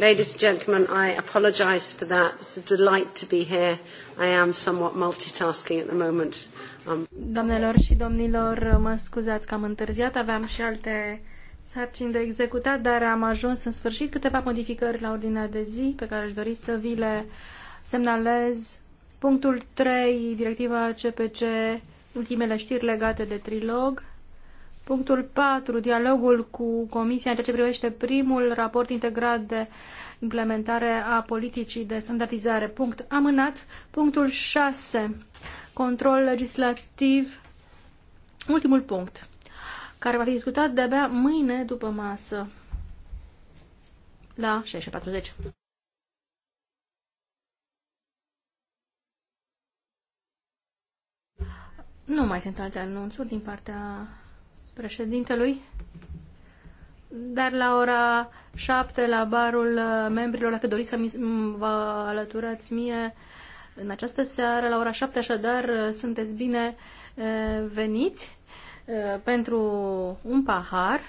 Ladies and gentlemen, I apologise for that. It's a delight to be here. I am somewhat multitasking at the moment. Um... Doamnelor și domnilor, mă scuzați că am întârziat. Aveam și alte sarcini de executat, dar am ajuns în sfârșit câteva modificări la ordinea de zi pe care aș dori să vi le semnalez. Punctul 3, directiva CPC, ultimele știri legate de trilog. Punctul 4. Dialogul cu Comisia în ceea ce privește primul raport integrat de implementare a politicii de standardizare. Punct amânat. Punctul 6. Control legislativ. Ultimul punct, care va fi discutat de-abia mâine după masă la 6.40. Nu mai sunt alte anunțuri din partea președintelui, dar la ora șapte la barul uh, membrilor, dacă doriți să mi, vă alăturați mie în această seară, la ora șapte așadar, uh, sunteți bine uh, veniți pentru un pahar.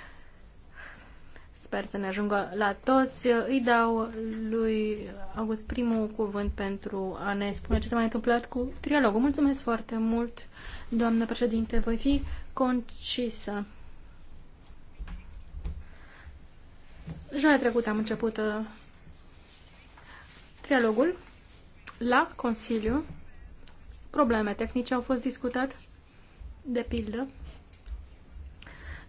Sper să ne ajungă la toți. Îi dau lui August primul cuvânt pentru a ne spune ce s-a mai întâmplat cu trialogul. Mulțumesc foarte mult, doamnă președinte. Voi fi concisă. Joia trecută am început uh, trialogul la Consiliu. Probleme tehnice au fost discutate, de pildă.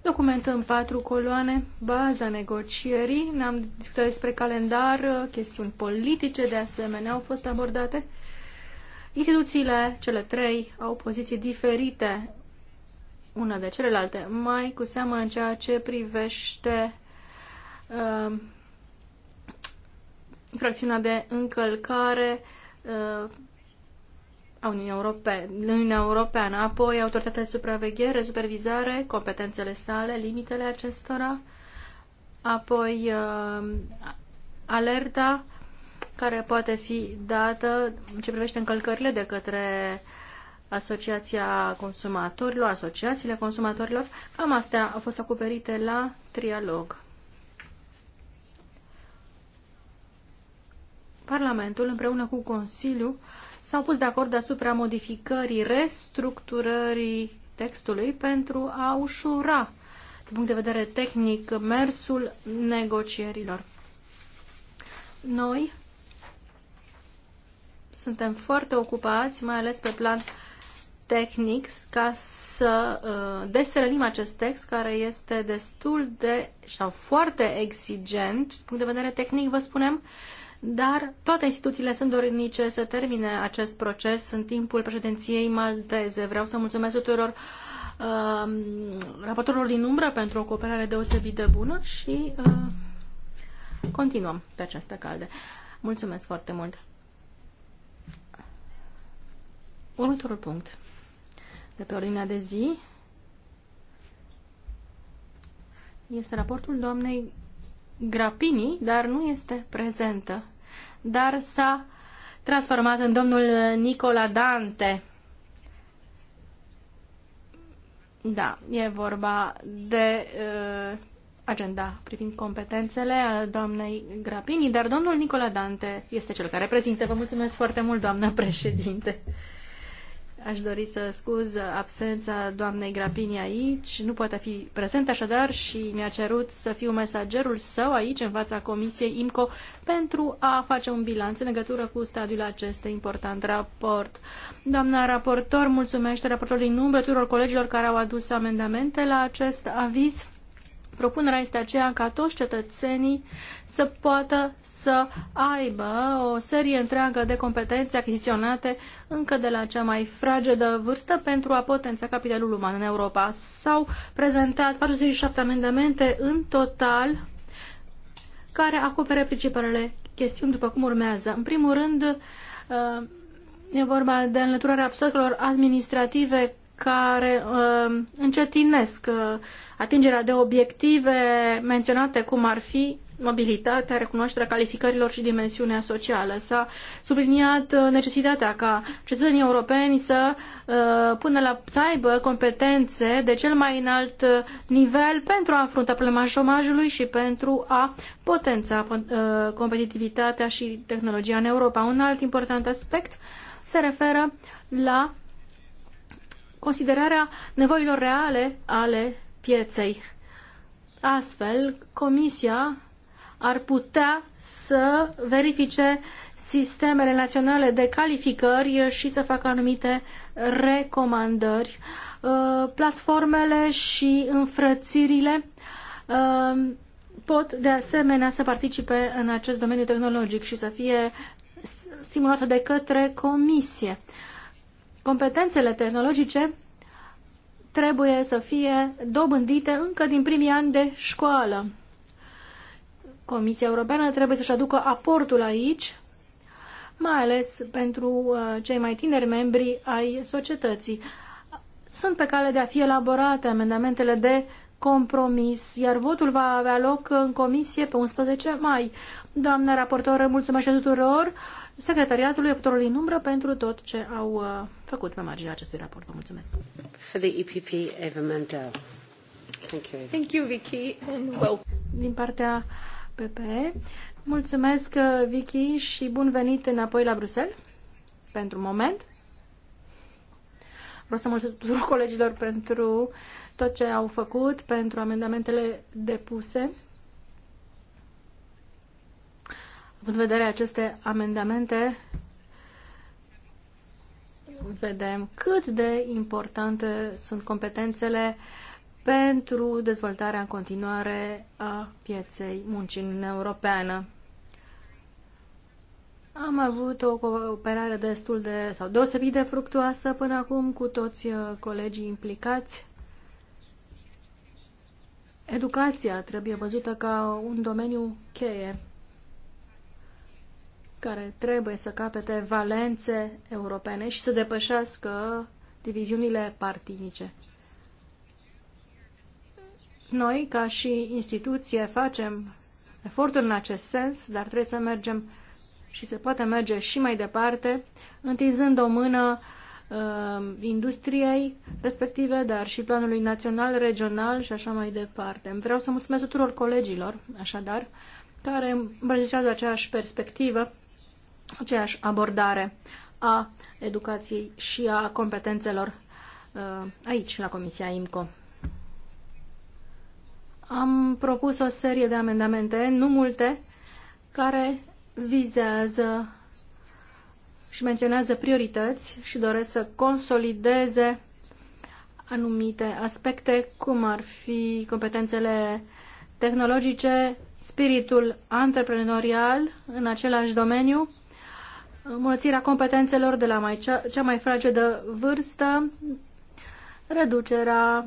Document în patru coloane, baza negocierii, ne-am discutat despre calendar, uh, chestiuni politice de asemenea au fost abordate. Instituțiile, cele trei, au poziții diferite una de celelalte, mai cu seamă în ceea ce privește uh, fracțiunea de încălcare uh, a Uniunii Europene, Uniunea Europeană, apoi autoritatea de supraveghere, supervizare, competențele sale, limitele acestora, apoi uh, alerta care poate fi dată în ce privește încălcările de către Asociația Consumatorilor, Asociațiile Consumatorilor. Cam astea au fost acoperite la trialog. Parlamentul, împreună cu Consiliul, s-au pus de acord asupra modificării, restructurării textului pentru a ușura, din punct de vedere tehnic, mersul negocierilor. Noi suntem foarte ocupați, mai ales pe plan tehnic ca să uh, desrănim acest text care este destul de sau foarte exigent din punct de vedere tehnic, vă spunem, dar toate instituțiile sunt dornice să termine acest proces în timpul președinției malteze. Vreau să mulțumesc tuturor uh, raportorilor din umbră pentru o cooperare deosebit de bună și uh, continuăm pe această calde. Mulțumesc foarte mult! Următorul punct de pe ordinea de zi este raportul doamnei Grapini, dar nu este prezentă, dar s-a transformat în domnul Nicola Dante. Da, e vorba de uh, agenda privind competențele a doamnei Grapini, dar domnul Nicola Dante este cel care prezintă. Vă mulțumesc foarte mult, doamnă președinte. Aș dori să scuz absența doamnei Grapini aici, nu poate fi prezent așadar și mi-a cerut să fiu mesagerul său aici în fața Comisiei IMCO pentru a face un bilanț în legătură cu stadiul acestui important raport. Doamna raportor mulțumește raportorului în numărul tuturor colegilor care au adus amendamente la acest aviz Propunerea este aceea ca toți cetățenii să poată să aibă o serie întreagă de competențe achiziționate încă de la cea mai fragedă vârstă pentru a potența capitalul uman în Europa. S-au prezentat 47 amendamente în total care acopere principalele chestiuni după cum urmează. În primul rând, uh, E vorba de înlăturarea obstacolelor administrative care uh, încetinesc uh, atingerea de obiective menționate, cum ar fi mobilitatea, recunoașterea calificărilor și dimensiunea socială. S-a subliniat uh, necesitatea ca cetățenii europeni să uh, pună la să aibă competențe de cel mai înalt uh, nivel pentru a afrunta problema șomajului și pentru a potența competitivitatea și tehnologia în Europa. Un alt important aspect se referă la considerarea nevoilor reale ale pieței. Astfel, Comisia ar putea să verifice sistemele naționale de calificări și să facă anumite recomandări. Uh, platformele și înfrățirile uh, pot de asemenea să participe în acest domeniu tehnologic și să fie stimulate de către comisie competențele tehnologice trebuie să fie dobândite încă din primii ani de școală. Comisia Europeană trebuie să-și aducă aportul aici, mai ales pentru uh, cei mai tineri membri ai societății. Sunt pe cale de a fi elaborate amendamentele de compromis, iar votul va avea loc în comisie pe 11 mai. Doamna raportoră, mulțumesc tuturor! secretariatului, autorului în umbră, pentru tot ce au uh, făcut pe marginea acestui raport. Vă mulțumesc. For the EPP, Eva Mandel. Thank you, Eva. Thank you Vicky, and well. Din partea PPE, mulțumesc, uh, Vicky, și bun venit înapoi la Bruxelles, pentru moment. Vreau să mulțumesc tuturor colegilor pentru tot ce au făcut, pentru amendamentele depuse Având în vedere aceste amendamente, vedem cât de importante sunt competențele pentru dezvoltarea în continuare a pieței muncii în Europeană. Am avut o cooperare destul de, sau deosebit de fructuoasă până acum cu toți uh, colegii implicați. Educația trebuie văzută ca un domeniu cheie care trebuie să capete valențe europene și să depășească diviziunile partinice. Noi, ca și instituție, facem eforturi în acest sens, dar trebuie să mergem și se poate merge și mai departe, întinzând o mână uh, industriei respective, dar și planului național, regional și așa mai departe. Vreau să mulțumesc tuturor colegilor, așadar, care îmbrățișează aceeași perspectivă aceeași abordare a educației și a competențelor uh, aici, la Comisia IMCO. Am propus o serie de amendamente, nu multe, care vizează și menționează priorități și doresc să consolideze anumite aspecte, cum ar fi competențele tehnologice, spiritul antreprenorial în același domeniu, înmulțirea competențelor de la mai cea, cea mai fragedă vârstă, reducerea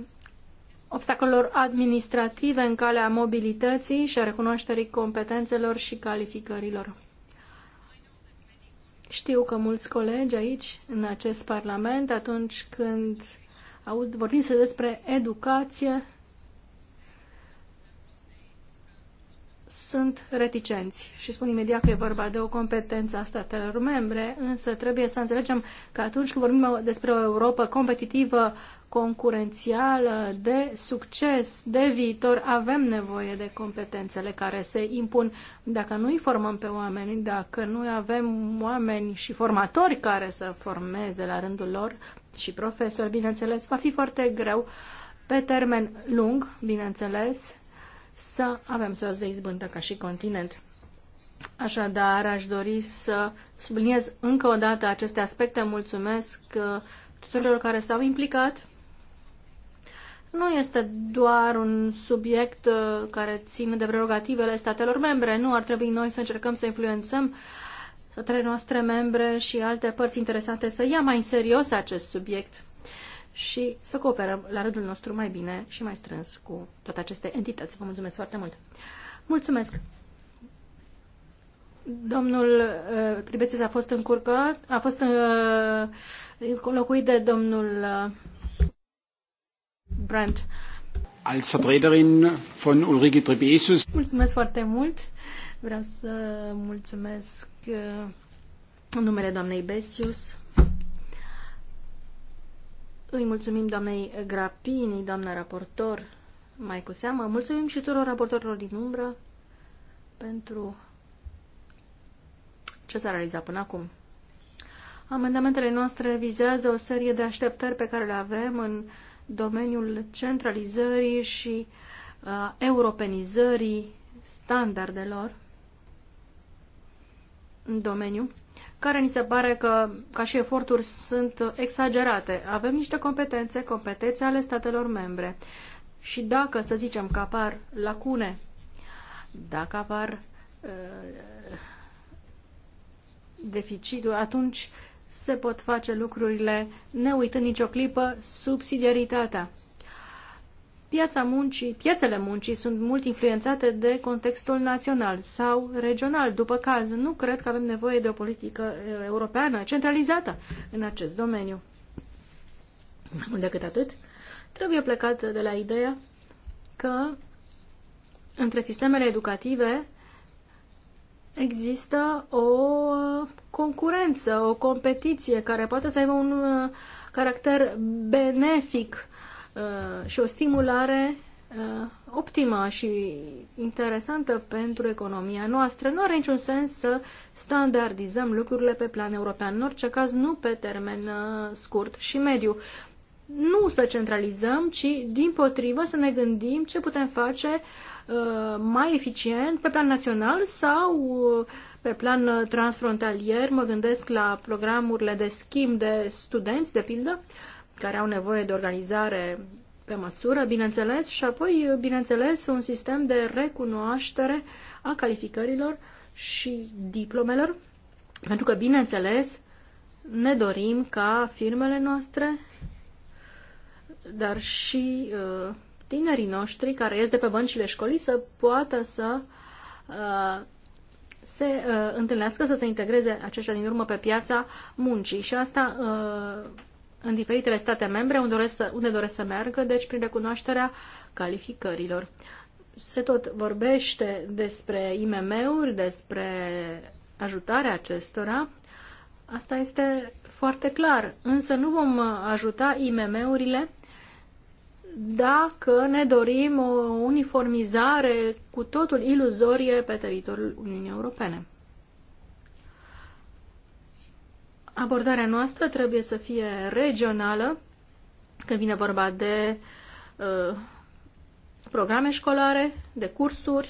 obstacolelor administrative în calea mobilității și a recunoașterii competențelor și calificărilor. Știu că mulți colegi aici, în acest Parlament, atunci când aud, vorbim despre educație, sunt reticenți și spun imediat că e vorba de o competență a statelor membre, însă trebuie să înțelegem că atunci când vorbim despre o Europa competitivă, concurențială, de succes, de viitor, avem nevoie de competențele care se impun. Dacă nu îi formăm pe oameni, dacă nu avem oameni și formatori care să formeze la rândul lor și profesori, bineînțeles, va fi foarte greu pe termen lung, bineînțeles, să avem sos de izbântă ca și continent. Așadar, aș dori să subliniez încă o dată aceste aspecte. Mulțumesc uh, tuturor care s-au implicat. Nu este doar un subiect uh, care ține de prerogativele statelor membre. Nu ar trebui noi să încercăm să influențăm statele noastre membre și alte părți interesate să ia mai în serios acest subiect și să cooperăm la rândul nostru mai bine și mai strâns cu toate aceste entități. Vă mulțumesc foarte mult! Mulțumesc! Domnul uh, Pribețes a fost încurcat, a fost uh, înlocuit de domnul uh, Brandt. Als Vertreterin von Ulrike Trebesius. Mulțumesc foarte mult! Vreau să mulțumesc uh, în numele doamnei Besius îi mulțumim doamnei Grapini, doamna raportor, mai cu seamă. Mulțumim și tuturor raportorilor din umbră pentru ce s-a realizat până acum. Amendamentele noastre vizează o serie de așteptări pe care le avem în domeniul centralizării și uh, europenizării standardelor în domeniu care ni se pare că, ca și eforturi, sunt exagerate. Avem niște competențe, competențe ale statelor membre. Și dacă, să zicem, că apar lacune, dacă apar uh, deficituri, atunci se pot face lucrurile, ne uitând nicio clipă, subsidiaritatea. Piața muncii, piețele muncii sunt mult influențate de contextul național sau regional, după caz. Nu cred că avem nevoie de o politică eh, europeană centralizată în acest domeniu. Mai mult decât atât, trebuie plecat de la ideea că între sistemele educative există o concurență, o competiție care poate să aibă un eh, caracter benefic Uh, și o stimulare uh, optimă și interesantă pentru economia noastră. Nu are niciun sens să standardizăm lucrurile pe plan european, în orice caz nu pe termen uh, scurt și mediu. Nu să centralizăm, ci din potrivă să ne gândim ce putem face mai eficient pe plan național sau pe plan transfrontalier. Mă gândesc la programurile de schimb de studenți, de pildă, uh, care au nevoie de organizare pe măsură, bineînțeles, și apoi, bineînțeles, un sistem de recunoaștere a calificărilor și diplomelor, pentru că, bineînțeles, ne dorim ca firmele noastre, dar și uh, tinerii noștri care ies de pe băncile școlii să poată să uh, se uh, întâlnească, să se integreze aceștia din urmă pe piața muncii. Și asta uh, în diferitele state membre unde doresc, să, unde doresc să meargă, deci prin recunoașterea calificărilor. Se tot vorbește despre IMM-uri, despre ajutarea acestora. Asta este foarte clar, însă nu vom ajuta IMM-urile dacă ne dorim o uniformizare cu totul iluzorie pe teritoriul Uniunii Europene. Abordarea noastră trebuie să fie regională, când vine vorba de uh, programe școlare, de cursuri,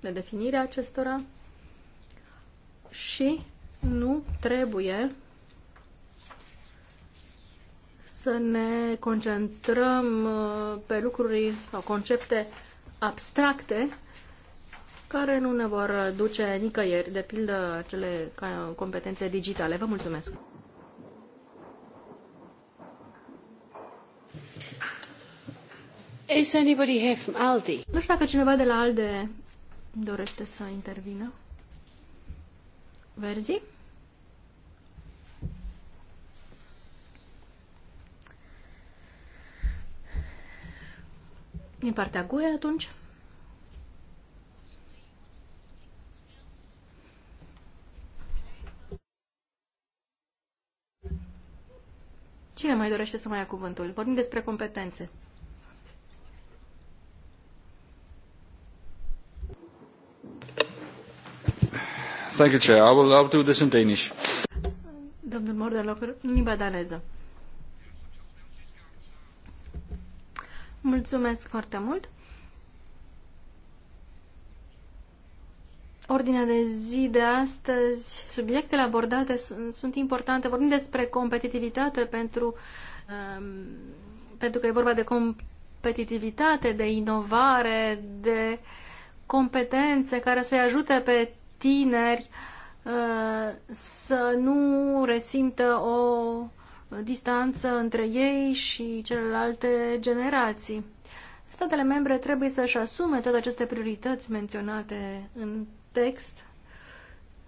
de definirea acestora și nu trebuie să ne concentrăm uh, pe lucruri sau concepte abstracte, care nu ne vor duce nicăieri, de pildă cele competențe digitale. Vă mulțumesc! Is anybody here from Aldi? Nu știu dacă cineva de la ALDE dorește să intervină. Verzi? Din partea GUE atunci? Cine mai dorește să mai ia cuvântul? Vorbim despre competențe. Thank you, Chair. I will, I will do this in Danish. Domnul Mordelocr, în limba daneză. Mulțumesc foarte mult. ordinea de zi de astăzi, subiectele abordate sunt, sunt importante. Vorbim despre competitivitate pentru, um, pentru că e vorba de competitivitate, de inovare, de competențe care să-i ajute pe tineri uh, să nu resimtă o distanță între ei și celelalte generații. Statele membre trebuie să-și asume toate aceste priorități menționate în text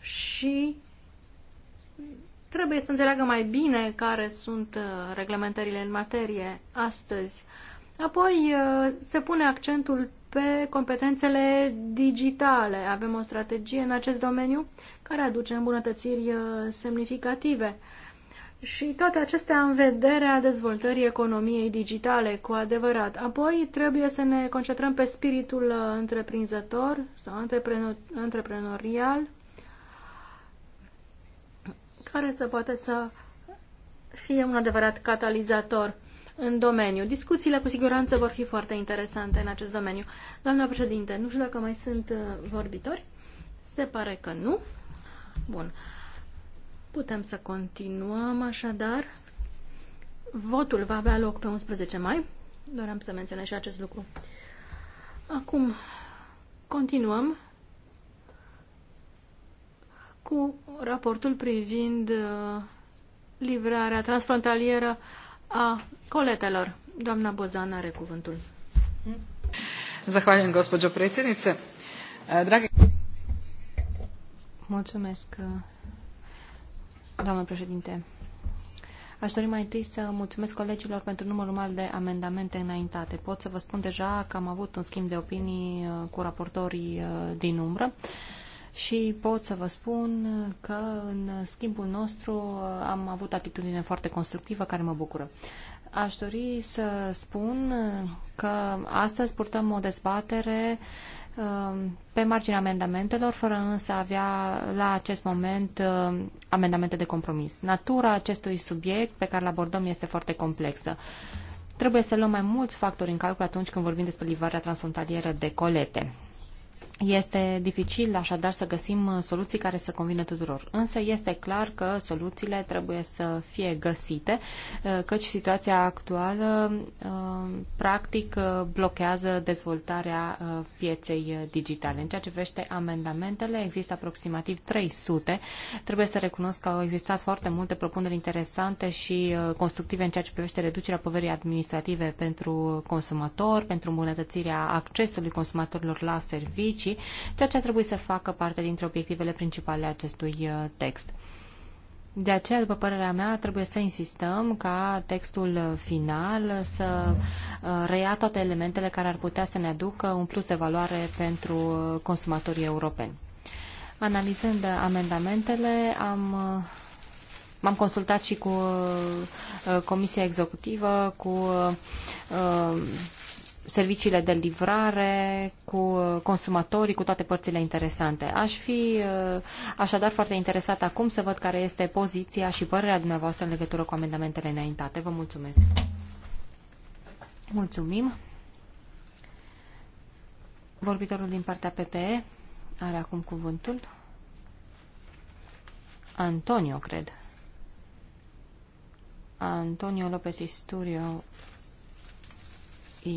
și trebuie să înțeleagă mai bine care sunt uh, reglementările în materie astăzi. Apoi uh, se pune accentul pe competențele digitale. Avem o strategie în acest domeniu care aduce îmbunătățiri uh, semnificative și toate acestea în vederea dezvoltării economiei digitale cu adevărat. Apoi trebuie să ne concentrăm pe spiritul uh, întreprinzător sau antreprenor, antreprenorial care să poate să fie un adevărat catalizator în domeniu. Discuțiile cu siguranță vor fi foarte interesante în acest domeniu. Doamna președinte, nu știu dacă mai sunt uh, vorbitori. Se pare că nu. Bun. Putem să continuăm așadar. Votul va avea loc pe 11 mai. Doream să menționez și acest lucru. Acum continuăm cu raportul privind uh, livrarea transfrontalieră a coletelor. Doamna Bozan are cuvântul. Zahvaljujem, gospođo predsjednice. Dragi... Mulțumesc, uh, Doamnă președinte, aș dori mai întâi să mulțumesc colegilor pentru numărul mare de amendamente înaintate. Pot să vă spun deja că am avut un schimb de opinii uh, cu raportorii uh, din umbră și pot să vă spun că în schimbul nostru uh, am avut atitudine foarte constructivă care mă bucură. Aș dori să spun că astăzi purtăm o dezbatere Um, pe marginea amendamentelor, fără însă a avea la acest moment um, amendamente de compromis. Natura acestui subiect pe care îl abordăm este foarte complexă. Trebuie să luăm mai mulți factori în calcul atunci când vorbim despre livrarea transfrontalieră de colete. Este dificil așadar să găsim uh, soluții care să convină tuturor, însă este clar că soluțiile trebuie să fie găsite, uh, căci situația actuală uh, practic blochează dezvoltarea pieței digitale. În ceea ce privește amendamentele, există aproximativ 300. Trebuie să recunosc că au existat foarte multe propuneri interesante și constructive în ceea ce privește reducerea poverii administrative pentru consumator, pentru îmbunătățirea accesului consumatorilor la servicii, muncii, ceea ce ar trebui să facă parte dintre obiectivele principale acestui uh, text. De aceea, după părerea mea, trebuie să insistăm ca textul final să uh, reia toate elementele care ar putea să ne aducă un plus de valoare pentru uh, consumatorii europeni. Analizând amendamentele, am M-am consultat și cu uh, Comisia Executivă, cu uh, serviciile de livrare, cu consumatorii, cu toate părțile interesante. Aș fi uh, așadar foarte interesat acum să văd care este poziția și părerea dumneavoastră în legătură cu amendamentele înaintate. Vă mulțumesc! Mulțumim! Vorbitorul din partea PPE are acum cuvântul. Antonio, cred. Antonio Lopez Isturio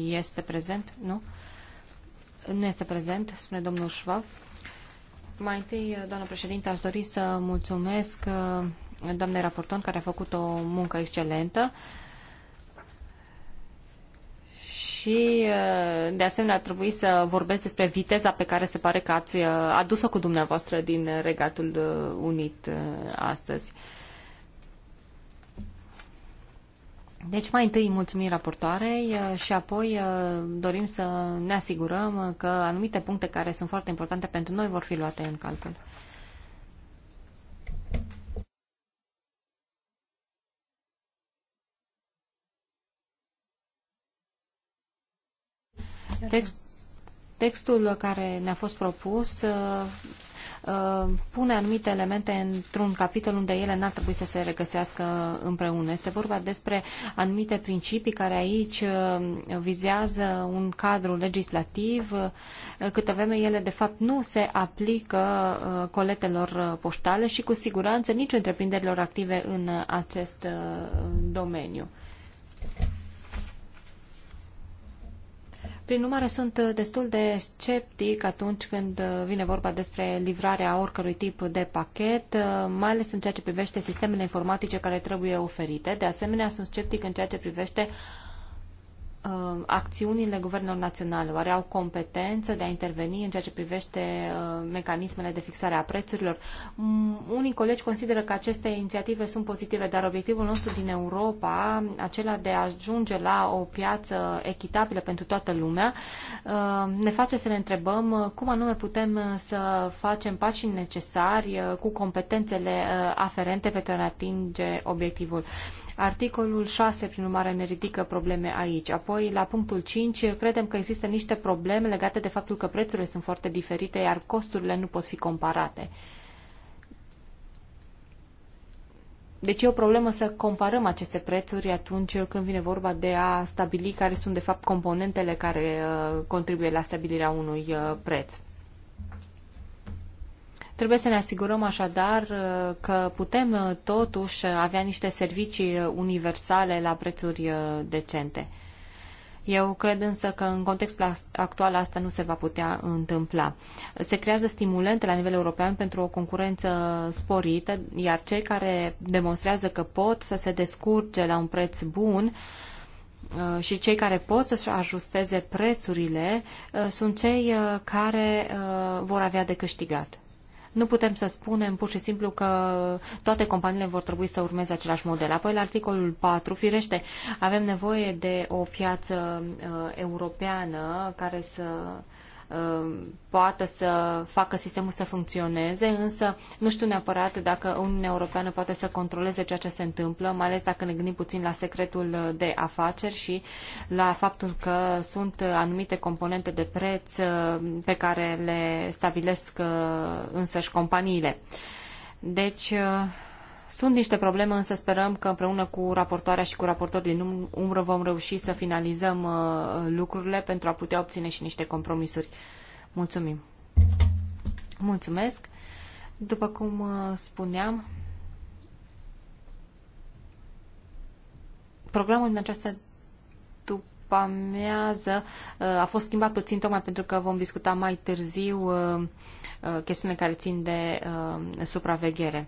este prezent, nu? Nu este prezent, spune domnul Schwab. Mai întâi, doamnă președinte, aș dori să mulțumesc uh, doamnei raporton care a făcut o muncă excelentă și uh, de asemenea ar trebui să vorbesc despre viteza pe care se pare că ați uh, adus-o cu dumneavoastră din Regatul Unit astăzi. Deci mai întâi mulțumim raportoarei uh, și apoi uh, dorim să ne asigurăm că anumite puncte care sunt foarte importante pentru noi vor fi luate în calcul. Text, textul care ne-a fost propus uh, Uh, pune anumite elemente într-un capitol unde ele n-ar trebui să se regăsească împreună. Este vorba despre anumite principii care aici uh, vizează un cadru legislativ, uh, câtă vreme ele de fapt nu se aplică coletelor poștale și cu siguranță nici întreprinderilor active în acest domeniu. Prin urmare, sunt destul de sceptic atunci când vine vorba despre livrarea oricărui tip de pachet, mai ales în ceea ce privește sistemele informatice care trebuie oferite. De asemenea, sunt sceptic în ceea ce privește uh, uh, acțiunile guvernelor naționale? Oare au competență de a interveni în ceea ce privește uh, mecanismele de fixare a prețurilor? Mm, unii colegi consideră că aceste inițiative sunt pozitive, dar obiectivul nostru din Europa, acela de a ajunge la o piață echitabilă pentru toată lumea, uh, ne face să ne întrebăm uh, cum anume putem uh, să facem pașii necesari uh, cu competențele aferente pentru a ne atinge obiectivul. Articolul 6, prin urmare, ne ridică probleme aici. Apoi, la punctul 5, credem că există niște probleme legate de faptul că prețurile sunt foarte diferite, iar costurile nu pot fi comparate. Deci e o problemă să comparăm aceste prețuri atunci când vine vorba de a stabili care sunt, de fapt, componentele care uh, contribuie la stabilirea unui uh, preț. Trebuie să ne asigurăm așadar uh, că putem uh, totuși avea niște servicii uh, universale la prețuri decente. Eu cred însă că în contextul actual asta nu se va putea întâmpla. Se creează stimulente la nivel european pentru o concurență sporită, iar cei care demonstrează că pot să se descurce la un preț bun și cei care pot să-și ajusteze prețurile sunt cei care vor avea de câștigat. Nu putem să spunem pur și simplu că toate companiile vor trebui să urmeze același model. Apoi, la articolul 4, firește, avem nevoie de o piață uh, europeană care să uh, Um, poată să facă sistemul să funcționeze, însă nu știu neapărat dacă Uniunea Europeană poate să controleze ceea ce se întâmplă, mai ales dacă ne gândim puțin la secretul de afaceri și la faptul că sunt anumite componente de preț uh, pe care le stabilesc uh, însăși companiile. Deci, uh, sunt niște probleme, însă sperăm că împreună cu raportoarea și cu raportorii din um- umbră vom reuși să finalizăm uh, lucrurile pentru a putea obține și niște compromisuri. Mulțumim! Mulțumesc! După cum uh, spuneam, programul din această după amiază uh, a fost schimbat puțin tocmai pentru că vom discuta mai târziu chestiunile care țin de supraveghere.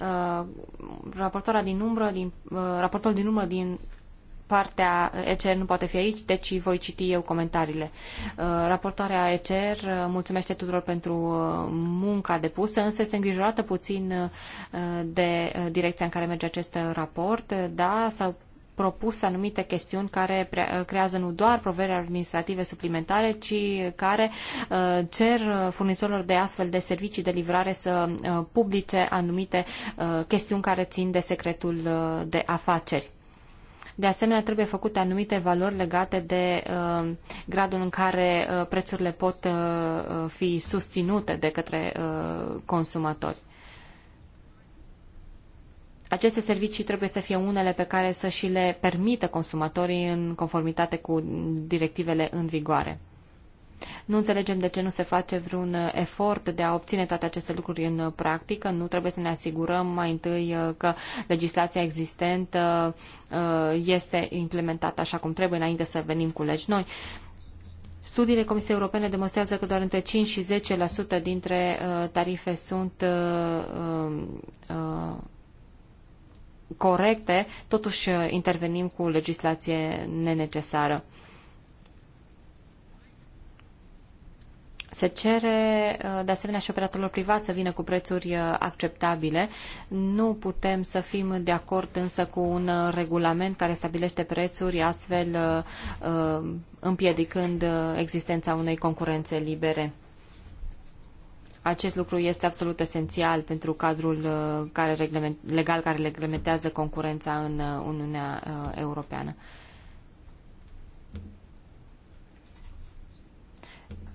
Uh, raportora din umbră, din, uh, raportorul din umbră din partea ECR nu poate fi aici, deci voi citi eu comentariile. Uh, Raportarea ECR uh, mulțumește tuturor pentru munca depusă, însă este îngrijorată puțin de direcția în care merge acest raport. Da, s-au propus anumite chestiuni care creează nu doar proveri administrative suplimentare, ci care uh, cer furnizorilor de astfel de servicii de livrare să uh, publice anumite uh, chestiuni care țin de secretul de afaceri. De asemenea, trebuie făcute anumite valori legate de uh, gradul în care uh, prețurile pot uh, fi susținute de către consumatori. Aceste servicii trebuie să fie unele pe care să și le permită consumatorii în conformitate cu directivele în vigoare. Nu înțelegem de ce nu se face vreun efort de a obține toate aceste lucruri în practică. Nu trebuie să ne asigurăm mai întâi uh, că legislația existentă uh, este implementată așa cum trebuie înainte să venim cu legi noi. Studiile Comisiei Europene demonstrează că doar între 5 și 10% dintre uh, tarife sunt corecte, totuși uh, intervenim cu legislație nenecesară. Se cere uh, de asemenea și operatorilor privați să vină cu prețuri uh, acceptabile. Nu putem să fim de acord însă cu un regulament care stabilește prețuri astfel împiedicând existența unei concurențe libere. Acest lucru este absolut esențial pentru cadrul uh, care reglement, legal care reglementează concurența în uh, Uniunea uh, Europeană.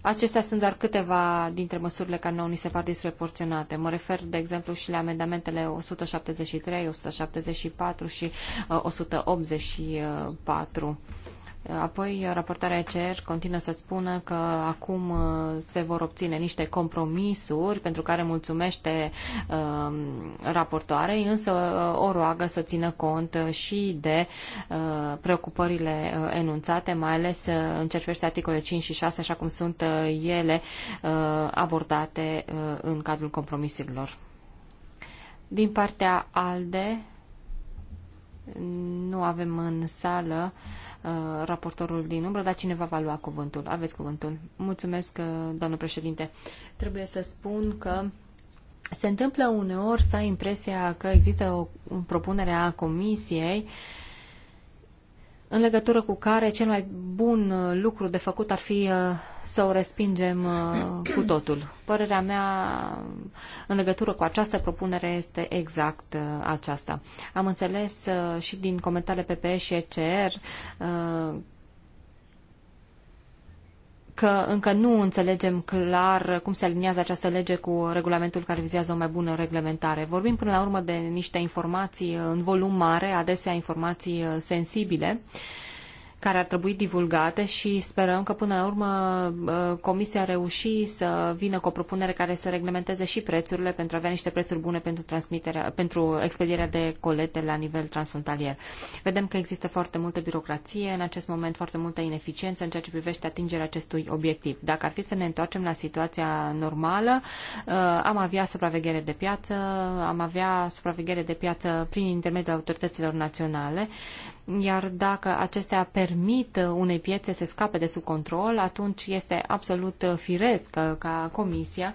Acestea sunt doar câteva dintre măsurile care nouă ni se par disproporționate. Mă refer, de exemplu, și la amendamentele 173, 174 și 184 Apoi, raportarea CER continuă să spună că acum uh, se vor obține niște compromisuri pentru care mulțumește um, raportoarei, însă uh, o roagă să țină cont uh, și de preocupările enunțate, mai ales în ce privește articole 5 și 6, așa cum sunt ele abordate în cadrul compromisurilor. Din partea ALDE, nu avem în sală uh, Uh, raportorul din umbră, dar cineva va lua cuvântul. Aveți cuvântul. Mulțumesc, uh, domnul președinte. Trebuie să spun că se întâmplă uneori să ai impresia că există o propunere a comisiei uh, în legătură cu care cel mai bun uh, lucru de făcut ar fi uh, să o respingem uh, cu totul. Părerea mea în legătură cu această propunere este exact aceasta. Am înțeles și din comentariile PPE și ECR că încă nu înțelegem clar cum se aliniază această lege cu regulamentul care vizează o mai bună reglementare. Vorbim până la urmă de niște informații în volum mare, adesea informații uh, sensibile, uh, care ar trebui divulgate și sperăm că până la urmă uh, Comisia a reușit să vină cu o propunere care să reglementeze și prețurile pentru a avea niște prețuri bune pentru, transmiterea, pentru expedierea de colete la nivel transfrontalier. Vedem că există foarte multă birocrație în acest moment, foarte multă ineficiență în ceea ce privește atingerea acestui obiectiv. Dacă ar fi să ne întoarcem la situația normală, uh, am avea supraveghere de piață, am avea supraveghere de piață prin intermediul autorităților naționale, iar dacă acestea permit unei piețe să scape de sub control, atunci este absolut firesc ca Comisia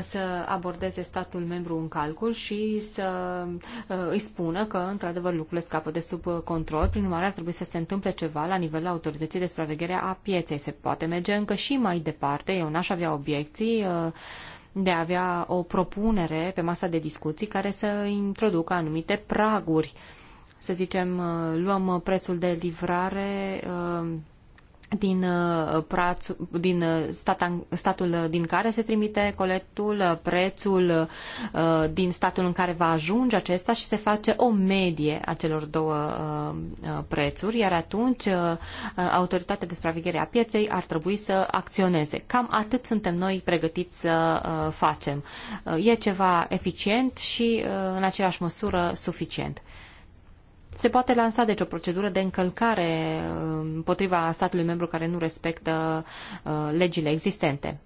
să abordeze statul membru în calcul și să uh, îi spună că, într-adevăr, lucrurile scapă de sub control. Prin urmare, ar trebui să se întâmple ceva la nivelul autorității de supraveghere a pieței. Se poate merge încă și mai departe. Eu n-aș avea obiecții uh, de a avea o propunere pe masa de discuții care să introducă anumite praguri uh, să zicem, uh, luăm uh, prețul de livrare uh, din, praț, din stat, statul din care se trimite coletul, prețul din statul în care va ajunge acesta și se face o medie a celor două prețuri, iar atunci autoritatea de supraveghere a pieței ar trebui să acționeze. Cam atât suntem noi pregătiți să facem. E ceva eficient și în aceeași măsură suficient. Se poate lansa, deci, o procedură de încălcare uh, împotriva statului membru care nu respectă uh, legile existente.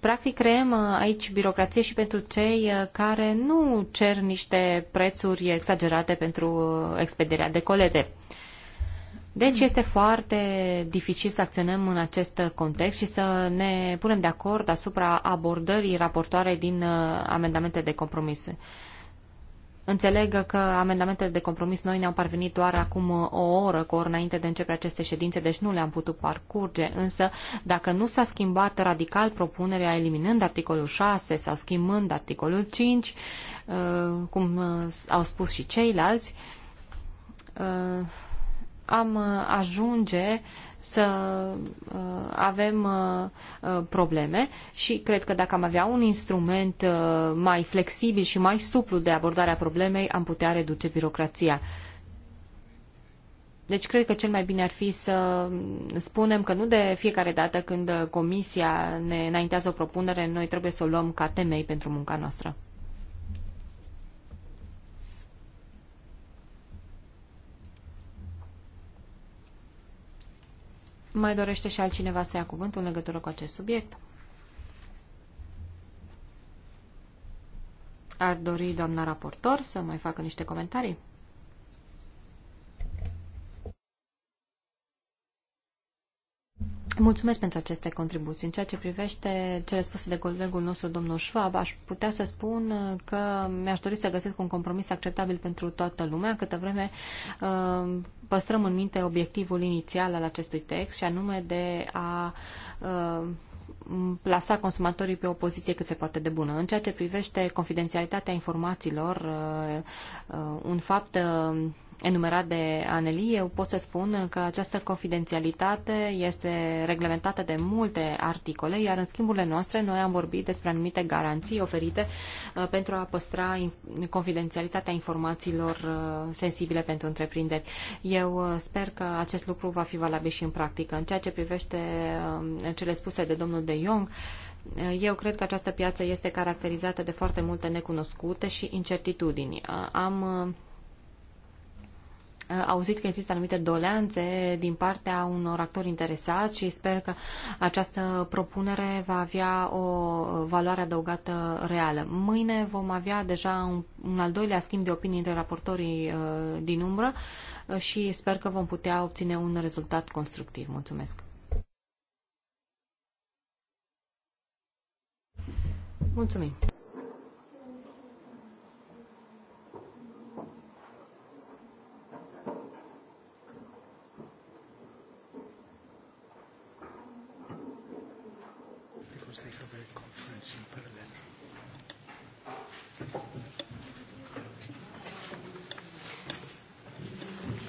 Practic, creăm uh, aici birocrație și pentru cei care nu cer niște prețuri exagerate pentru expedierea de colete. Deci este foarte dificil să acționăm în acest context și să ne punem de acord asupra abordării raportoare din amendamente de compromis. Înțeleg că amendamentele de compromis noi ne-au parvenit doar acum uh, o oră, cu o oră înainte de începerea acestei ședințe, deci nu le-am putut parcurge, însă dacă nu s-a schimbat radical propunerea eliminând articolul 6 sau schimbând articolul 5, uh, cum uh, au spus și ceilalți, am ajunge să uh, avem uh, uh, probleme și cred că dacă am avea un instrument mai flexibil și mai suplu de abordare a problemei, am putea reduce birocrația. Deci cred că cel mai bine ar fi să spunem că nu de fiecare dată când Comisia ne înaintează o propunere, noi trebuie să o luăm ca temei pentru munca noastră. Mai dorește și altcineva să ia cuvântul în legătură cu acest subiect? Ar dori doamna raportor să mai facă niște comentarii? Mulțumesc pentru aceste contribuții. În ceea ce privește cele spuse de colegul nostru, domnul Schwab, aș putea să spun că mi-aș dori să găsesc un compromis acceptabil pentru toată lumea, câtă vreme uh, păstrăm în minte obiectivul inițial al acestui text și anume de a plasa uh, consumatorii pe o poziție cât se poate de bună. În ceea ce privește confidențialitatea informațiilor, uh, un fapt enumerat de Aneli, eu pot să spun că această confidențialitate este reglementată de multe articole, iar în schimburile noastre noi am vorbit despre anumite garanții oferite uh, pentru a păstra confidențialitatea informațiilor uh, sensibile pentru întreprinderi. Eu uh, sper că acest lucru va fi valabil și în practică. În ceea ce privește um, cele spuse de domnul de Jong, eu cred că această piață este caracterizată de foarte multe necunoscute și incertitudini. Am Uh, auzit că există anumite doleanțe din partea unor actori interesați și sper că această propunere va avea o valoare adăugată reală. Mâine vom avea deja un, un al doilea schimb de opinii între raportorii uh, din umbră uh, și sper că vom putea obține un rezultat constructiv. Mulțumesc! Mulțumim!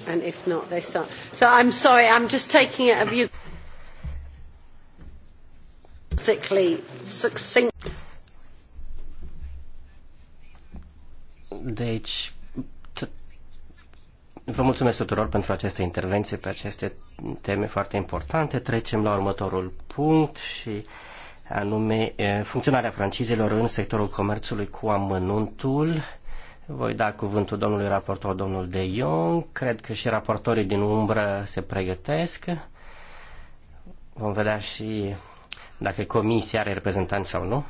and if not, they start. So I'm sorry, I'm just taking it of you. Basically, succinct. Deci, vă mulțumesc tuturor pentru aceste intervenții pe aceste teme foarte importante. Trecem la următorul punct și anume eh, funcționarea francizelor în sectorul comerțului cu amănuntul. Voi da cuvântul domnului raportor, domnul De Jong. Cred că și raportorii din umbră se pregătesc. Vom vedea și dacă comisia are reprezentanți sau nu.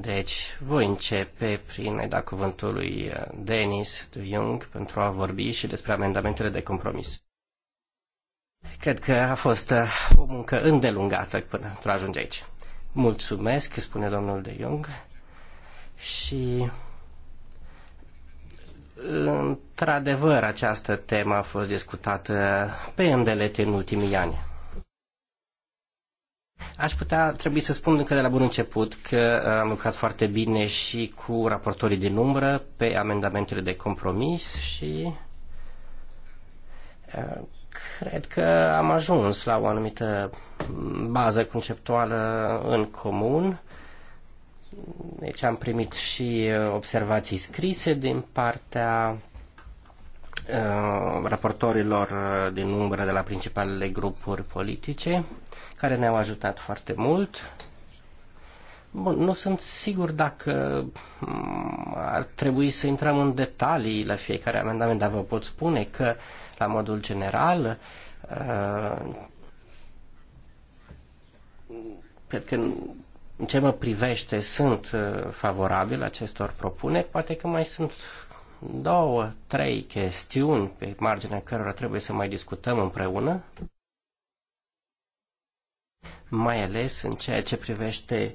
Deci, voi începe prin a da cuvântul lui Denis de Jung pentru a vorbi și despre amendamentele de compromis. Cred că a fost uh, o muncă îndelungată până pentru a ajunge aici. Mulțumesc, spune domnul de Jung și într-adevăr această temă a fost discutată pe îndelete în ultimii ani. Aș putea trebui să spun încă de la bun început că uh, am lucrat foarte bine și cu raportorii din umbră pe amendamentele de compromis și uh, cred că am ajuns la o anumită bază conceptuală în comun deci am primit și uh, observații scrise din partea uh, raportorilor uh, din umbră de la principalele grupuri politice, care ne-au ajutat foarte mult. Bun, nu sunt sigur dacă mm, ar trebui să intrăm în detalii la fiecare amendament, dar vă pot spune că, la modul general, cred că în ce mă privește sunt uh, favorabil acestor propuneri, poate că mai sunt două, trei chestiuni pe marginea cărora trebuie să mai discutăm împreună, mai ales în ceea ce privește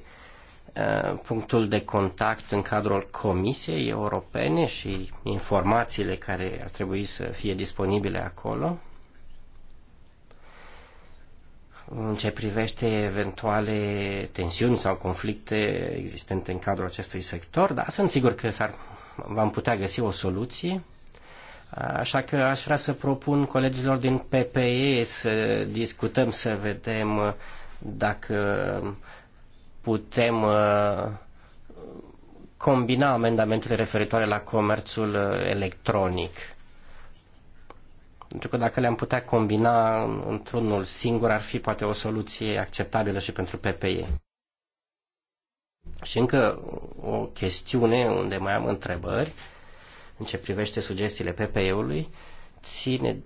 uh, punctul de contact în cadrul Comisiei Europene și informațiile care ar trebui să fie disponibile acolo în ce privește eventuale tensiuni sau conflicte existente în cadrul acestui sector, dar sunt sigur că s-ar, v-am putea găsi o soluție. Așa că aș vrea să propun colegilor din PPE să discutăm, să vedem dacă putem uh, combina amendamentele referitoare la comerțul uh, electronic pentru că dacă le-am putea combina într-unul singur, ar fi poate o soluție acceptabilă și pentru PPE. Și încă o chestiune unde mai am întrebări în ce privește sugestiile PPE-ului ține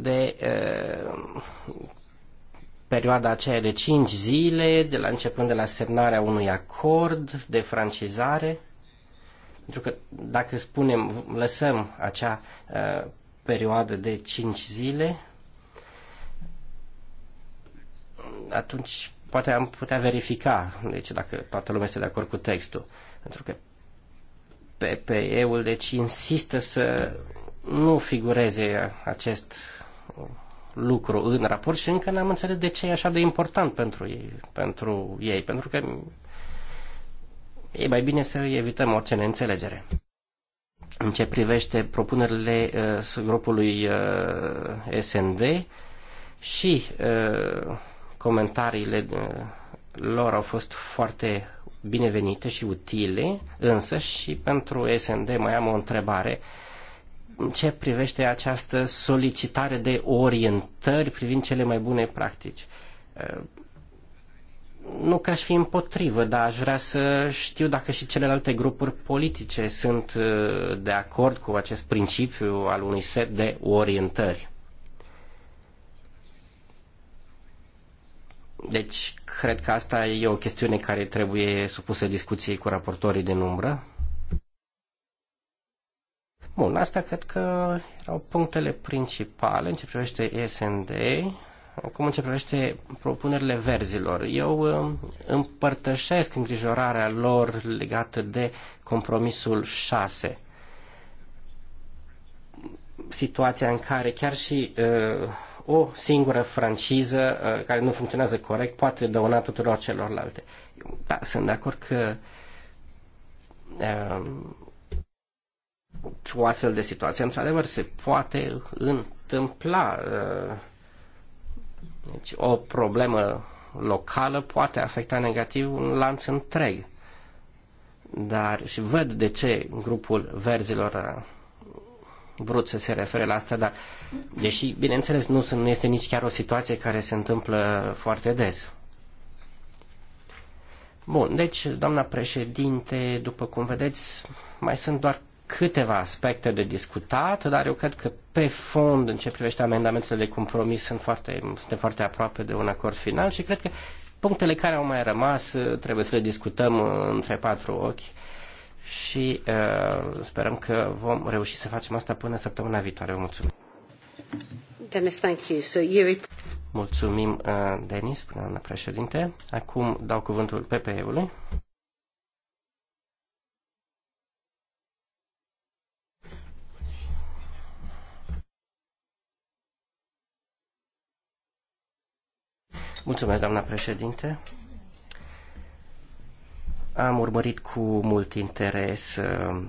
de e, perioada aceea de 5 zile de la începând de la semnarea unui acord de francizare pentru că dacă spunem, lăsăm acea uh, perioadă de 5 zile, atunci poate am putea verifica, deci dacă toată lumea este de acord cu textul. Pentru că PPE-ul deci insistă să nu figureze acest lucru în raport și încă n-am înțeles de ce e așa de important pentru ei, pentru ei pentru că e mai bine să evităm orice neînțelegere. În ce privește propunerile uh, grupului uh, SND și uh, comentariile uh, lor au fost foarte binevenite și utile, însă și pentru SND mai am o întrebare. În ce privește această solicitare de orientări privind cele mai bune practici? Uh, nu că aș fi împotrivă, dar aș vrea să știu dacă și celelalte grupuri politice sunt uh, de acord cu acest principiu al unui set de orientări. Deci, cred că asta e o chestiune care trebuie supusă discuției cu raportorii din umbră. Bun, asta cred că erau punctele principale în ce privește SND. Acum în ce privește propunerile verzilor, eu um, împărtășesc îngrijorarea lor legată de compromisul 6. Situația în care chiar și uh, o singură franciză uh, care nu funcționează corect poate dăuna tuturor celorlalte. Da, sunt de acord că uh, o astfel de situație, într-adevăr, se poate întâmpla. Uh, deci o problemă locală poate afecta negativ un lanț întreg. Dar și văd de ce grupul verzilor a vrut să se refere la asta, dar deși, bineînțeles, nu, nu este nici chiar o situație care se întâmplă foarte des. Bun, deci, doamna președinte, după cum vedeți, mai sunt doar câteva aspecte de discutat, dar eu cred că pe fond, în ce privește amendamentele de compromis, sunt foarte, suntem foarte aproape de un acord final și cred că punctele care au mai rămas uh, trebuie să le discutăm uh, între patru ochi și uh, sperăm că vom reuși să facem asta până săptămâna viitoare. Vă mulțumim! Dennis, thank you. So, you... Mulțumim, uh, Denis, până la președinte. Acum dau cuvântul PPE-ului. Mulțumesc, doamna președinte. Am urmărit cu mult interes uh,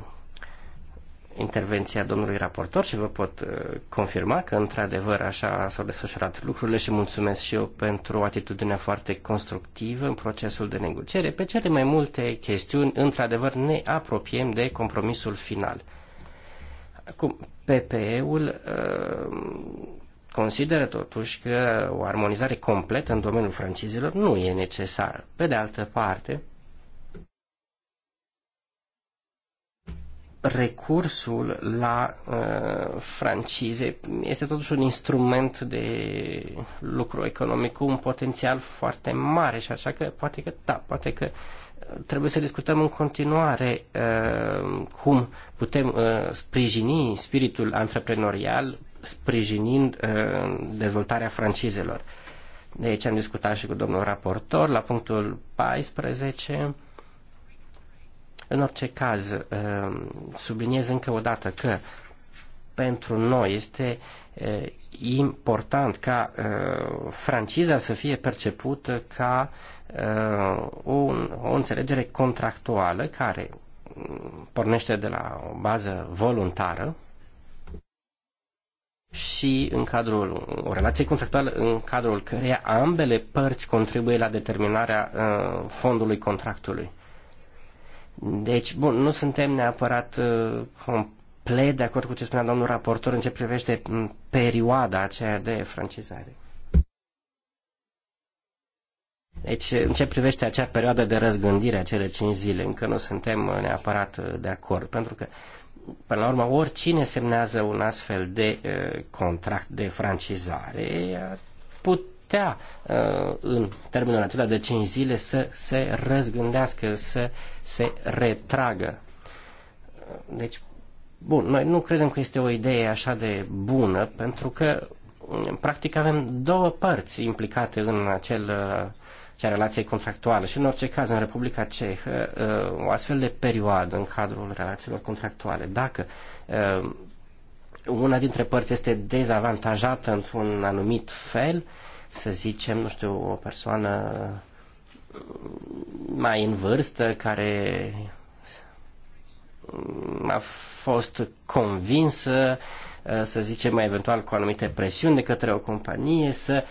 intervenția domnului raportor și vă pot uh, confirma că într-adevăr așa s-au desfășurat lucrurile și mulțumesc și eu pentru atitudinea foarte constructivă în procesul de negociere. Pe cele mai multe chestiuni, într-adevăr, ne apropiem de compromisul final. Acum, PPE-ul uh, consideră totuși că o armonizare completă în domeniul francizelor nu e necesară. Pe de altă parte, recursul la uh, francize este totuși un instrument de lucru economic cu un potențial foarte mare și așa că poate că da, poate că trebuie să discutăm în continuare uh, cum putem uh, sprijini spiritul antreprenorial sprijinind uh, dezvoltarea francizelor. De aici am discutat și cu domnul raportor la punctul 14. În orice caz, uh, subliniez încă o dată că pentru noi este uh, important ca franciza să fie percepută ca o, o înțelegere contractuală care pornește de la o bază voluntară și în cadrul o relație contractuală în cadrul căreia ambele părți contribuie la determinarea uh, fondului contractului. Deci, bun, nu suntem neapărat uh, complet de acord cu ce spunea domnul raportor în ce privește perioada aceea de francizare. Deci, în ce privește acea perioadă de răzgândire, acele 5 zile, încă nu suntem uh, neapărat uh, de acord, pentru că până la urmă, oricine semnează un astfel de uh, contract de francizare putea, uh, în termenul acela de 5 zile, să se răzgândească, să se retragă. Uh, deci, bun, noi nu credem că este o idee așa de bună, pentru că, practic, avem două părți implicate în acel și a relației contractuale. Și în orice caz, în Republica Cehă, uh, o astfel de perioadă în cadrul relațiilor contractuale, dacă uh, una dintre părți este dezavantajată într-un anumit fel, să zicem, nu știu, o persoană mai în vârstă care a fost convinsă, uh, să zicem, mai eventual cu anumite presiuni de către o companie să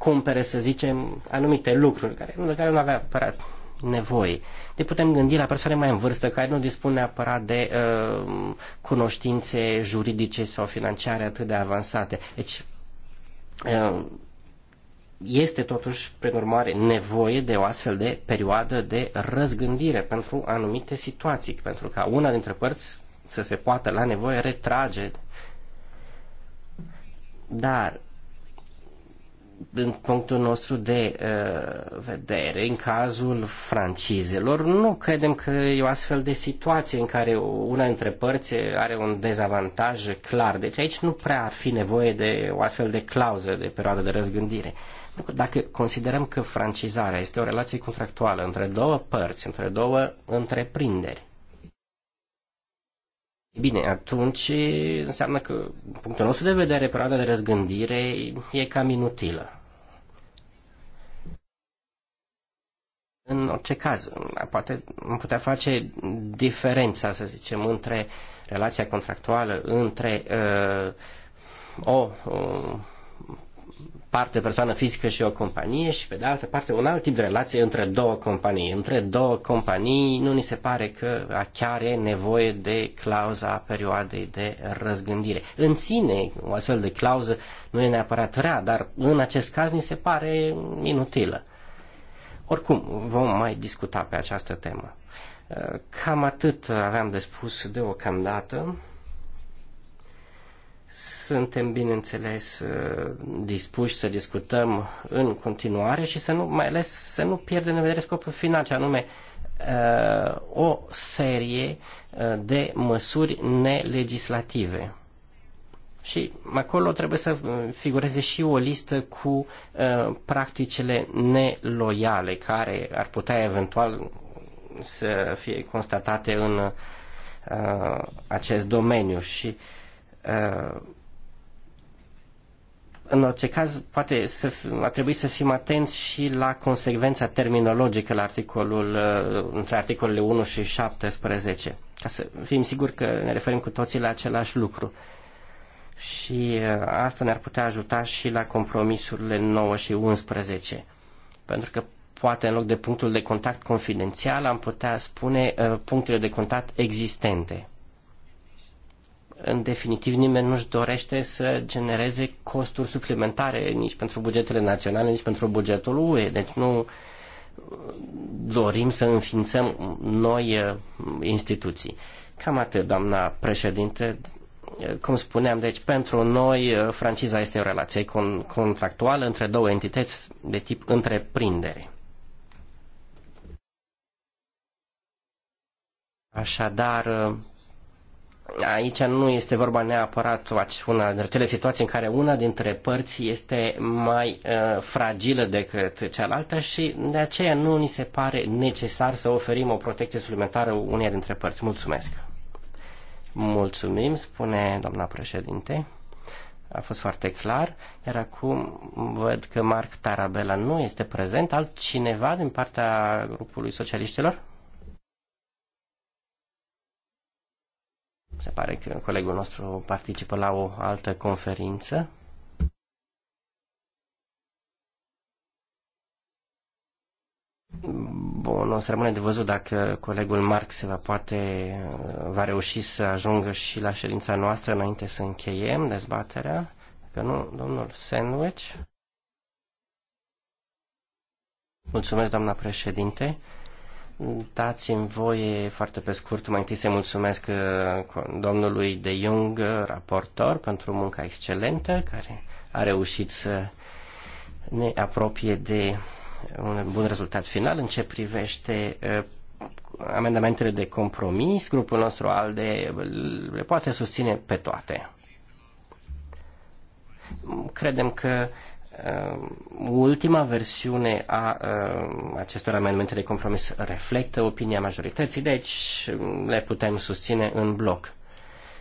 cumpere, să zicem, anumite lucruri care, de care nu avea apărat nevoie. Deci putem gândi la persoane mai în vârstă care nu dispun neapărat de uh, cunoștințe juridice sau financiare atât de avansate. Deci uh, este totuși, prin urmare, nevoie de o astfel de perioadă de răzgândire pentru anumite situații, pentru ca una dintre părți să se poată la nevoie retrage. Dar în punctul nostru de uh, vedere, în cazul francizelor, nu credem că e o astfel de situație în care una dintre părți are un dezavantaj clar. Deci aici nu prea ar fi nevoie de o astfel de clauză de perioadă de răzgândire. Dacă considerăm că francizarea este o relație contractuală între două părți, între două întreprinderi, Bine, atunci înseamnă că, din punctul nostru de vedere, perioada de răzgândire e cam inutilă. În orice caz, poate am putea face diferența, să zicem, între relația contractuală, între uh, o, o parte persoană fizică și o companie și pe de altă parte un alt tip de relație între două companii. Între două companii nu ni se pare că chiar e nevoie de clauza perioadei de răzgândire. În sine, o astfel de clauză nu e neapărat rea, dar în acest caz ni se pare inutilă. Oricum, vom mai discuta pe această temă. Cam atât aveam de spus deocamdată. Suntem, bineînțeles, uh, dispuși să discutăm în continuare și să nu, mai ales să nu pierdem în vedere scopul final, ce anume uh, o serie uh, de măsuri nelegislative. Și acolo trebuie să figureze și o listă cu practicile neloiale care ar putea eventual să fie constatate în acest domeniu și Uh, în orice caz, poate să, a trebui să fim atenți și la consecvența terminologică la articolul, uh, între articolele 1 și 17, ca să fim siguri că ne referim cu toții la același lucru. Și uh, asta ne-ar putea ajuta și la compromisurile 9 și 11, pentru că poate în loc de punctul de contact confidențial am putea spune punctele de contact existente în definitiv nimeni nu-și dorește să genereze costuri suplimentare nici pentru bugetele naționale, nici pentru bugetul UE. Deci nu dorim să înființăm noi uh, instituții. Cam atât, doamna președinte. Cum spuneam, deci pentru noi uh, franciza este o relație contractuală între două entități de tip întreprindere. Așadar, uh, aici nu este vorba neapărat una dintre cele situații în care una dintre părți este mai uh, fragilă decât cealaltă și de aceea nu ni se pare necesar să oferim o protecție suplimentară uneia dintre părți. Mulțumesc! Mulțumim, spune doamna președinte. A fost foarte clar. Iar acum văd că Marc Tarabella nu este prezent. Altcineva din partea grupului socialiștilor? Se pare că colegul nostru participă la o altă conferință. Bun, o să rămâne de văzut dacă colegul Marc se va poate, va reuși să ajungă și la ședința noastră înainte să încheiem dezbaterea. Că nu, domnul Sandwich. Mulțumesc, doamna președinte. Dați-mi voie foarte pe scurt mai întâi să mulțumesc uh, domnului de Jung, uh, raportor, pentru munca excelentă care a reușit să ne apropie de un bun rezultat final în ce privește uh, amendamentele de compromis. Grupul nostru ALDE le poate susține pe toate. Credem că Ehm, ultima versiune a ehm, acestor amendamente de compromis reflectă opinia majorității, deci ehm, le putem susține în bloc.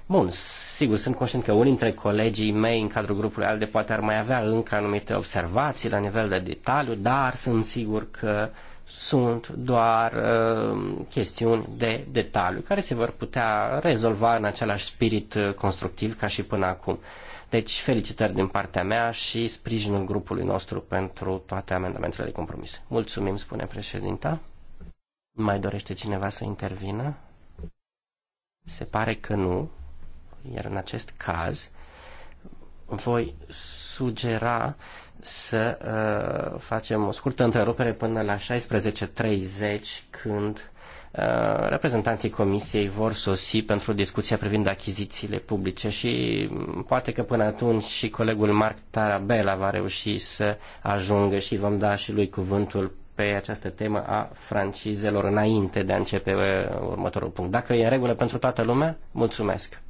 Bun, sigur, sunt conștient că unii dintre colegii mei în cadrul grupului ALDE poate ar mai avea încă anumite observații la nivel de detaliu, dar sunt sigur că sunt doar uh, chestiuni de detaliu care se vor putea rezolva în același spirit constructiv ca și până acum. Uh, deci, felicitări din partea mea și sprijinul grupului nostru pentru toate amendamentele de compromis. Mulțumim, spune președinta. Mai dorește cineva să intervină? Se pare că nu, iar în acest caz voi sugera să uh, facem o scurtă întrerupere până la 16.30 când Uh, reprezentanții comisiei vor sosi pentru discuția privind achizițiile publice și poate că până atunci și colegul Marc Tarabella va reuși să ajungă și vom da și lui cuvântul pe această temă a francizelor înainte de a începe uh, următorul punct. Dacă e în regulă pentru toată lumea, mulțumesc!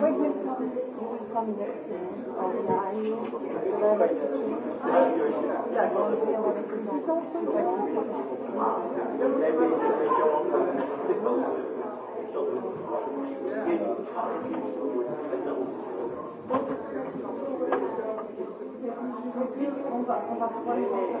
When you come, you will come next year, or nine, whatever. On va, on va pouvoir les mettre.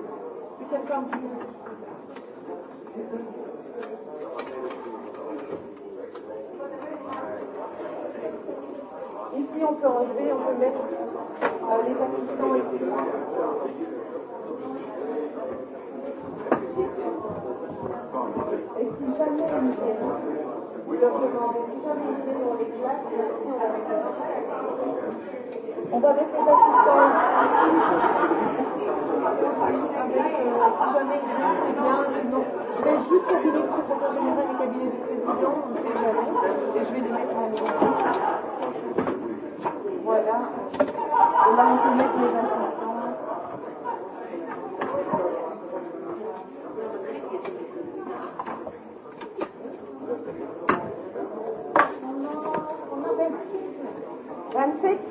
Ici, on peut enlever, on peut mettre euh, les assistants ici. Et si jamais il vient, je leur demande, si jamais il vient dans les classes, ici, on va mettre les assistants. On va mettre les assistants ici. Si jamais il vient, c'est bien, sinon je vais jusqu'à cabinet de secrétaire général et cabinet du président, on ne sait jamais, et je vais les mettre en Voilà. Et là, on peut mettre les assistants. One six.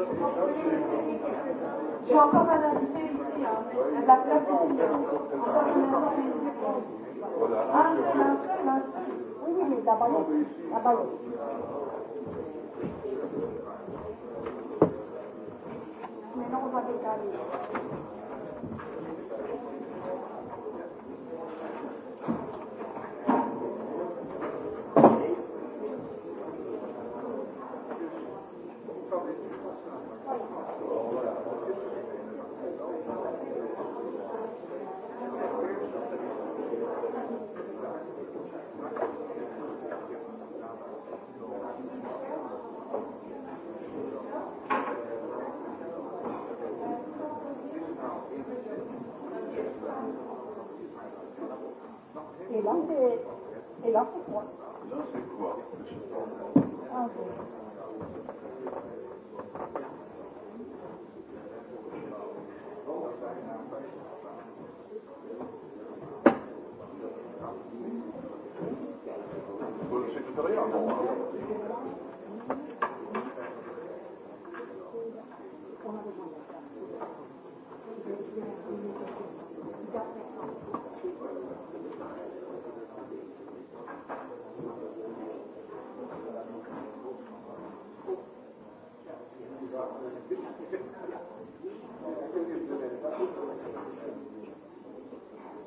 Je suis encore à l'invité ici, hein. à la place ici. Encore une fois, Un seul, un seul, un seul. Oui, oui, mais là Maintenant, on va décaler. de... Et là, c'est quoi Là, c'est quoi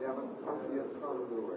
Ja, aber jetzt fahren wir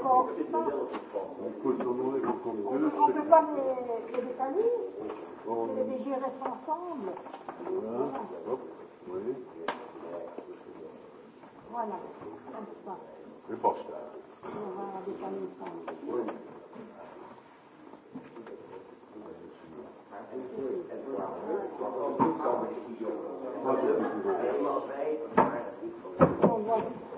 encore ça. Écoute, on enlève encore deux. On ne peut pas les, les détailler. On les gérer ensemble. Voilà. Hop. Oui. Voilà. Comme ça. C'est bon. On va les ensemble. Oui. Thank you.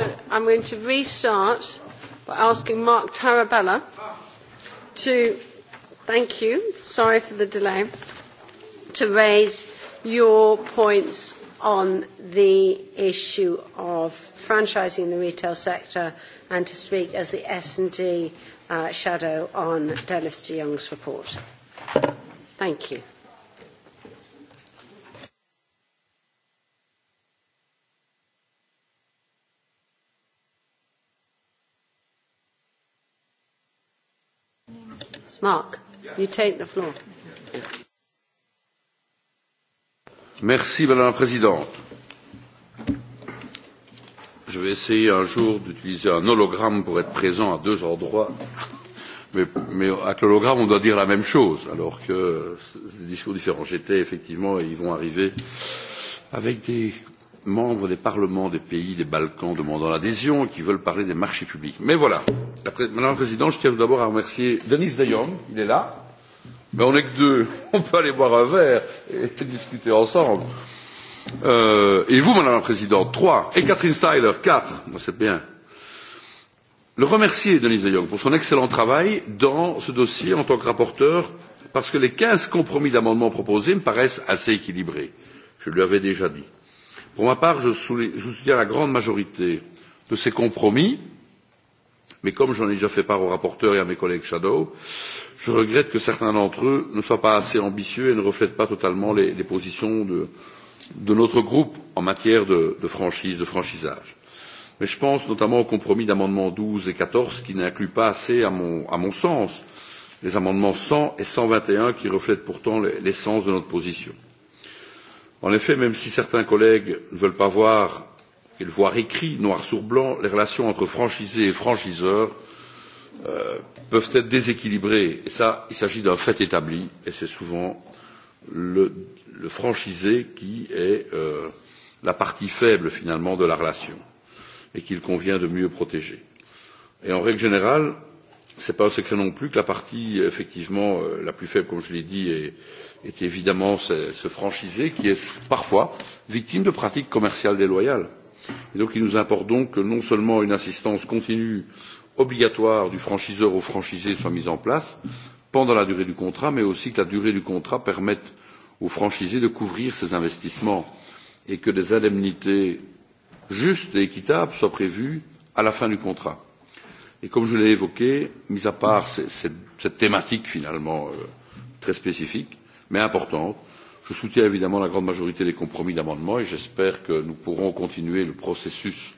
So I'm going to restart by asking Mark Tarabella to, thank you, sorry for the delay, to raise your points on the issue of franchising in the retail sector and to speak as the S&D uh, shadow on Dennis de Young's report. Thank you. Mark, you take the floor. Merci, Madame la Présidente. Je vais essayer un jour d'utiliser un hologramme pour être présent à deux endroits. Mais, mais avec l'hologramme, on doit dire la même chose, alors que c'est des discours différents. J'étais effectivement, et ils vont arriver avec des membres des parlements des pays des Balkans demandant l'adhésion et qui veulent parler des marchés publics. Mais voilà, Madame la Présidente, je tiens tout d'abord à remercier Denis de Jong, il est là, mais on n'est que deux, on peut aller boire un verre et discuter ensemble. Euh, et vous, Madame la Présidente, trois, et Catherine Styler, quatre, bon, c'est bien. Le remercier, Denis de Jong, pour son excellent travail dans ce dossier en tant que rapporteur, parce que les quinze compromis d'amendements proposés me paraissent assez équilibrés. Je lui avais déjà dit Pour ma part, je soutiens la grande majorité de ces compromis, mais comme j'en ai déjà fait part au rapporteur et à mes collègues shadow, je regrette que certains d'entre eux ne soient pas assez ambitieux et ne reflètent pas totalement les, les positions de, de notre groupe en matière de, de franchise, de franchisage. Mais je pense notamment aux compromis d'amendements 12 et 14 qui n'incluent pas assez, à mon, à mon sens, les amendements 100 et 121 qui reflètent pourtant l'essence de notre position. En effet, même si certains collègues ne veulent pas voir et le voir écrit noir sur blanc, les relations entre franchisés et franchiseurs euh, peuvent être déséquilibrées. Et ça, il s'agit d'un fait établi, et c'est souvent le, le franchisé qui est euh, la partie faible finalement de la relation et qu'il convient de mieux protéger. Et en règle générale, ce n'est pas un secret non plus que la partie effectivement euh, la plus faible, comme je l'ai dit, est, est évidemment ce, ce franchisé qui est parfois victime de pratiques commerciales déloyales. Et donc il nous importe donc que non seulement une assistance continue obligatoire du franchiseur au franchisé soit mise en place pendant la durée du contrat, mais aussi que la durée du contrat permette au franchisé de couvrir ses investissements et que des indemnités justes et équitables soient prévues à la fin du contrat. Et comme je l'ai évoqué, mis à part cette thématique finalement euh, très spécifique, mais importante, je soutiens évidemment la grande majorité des compromis d'amendements et j'espère que nous pourrons continuer le processus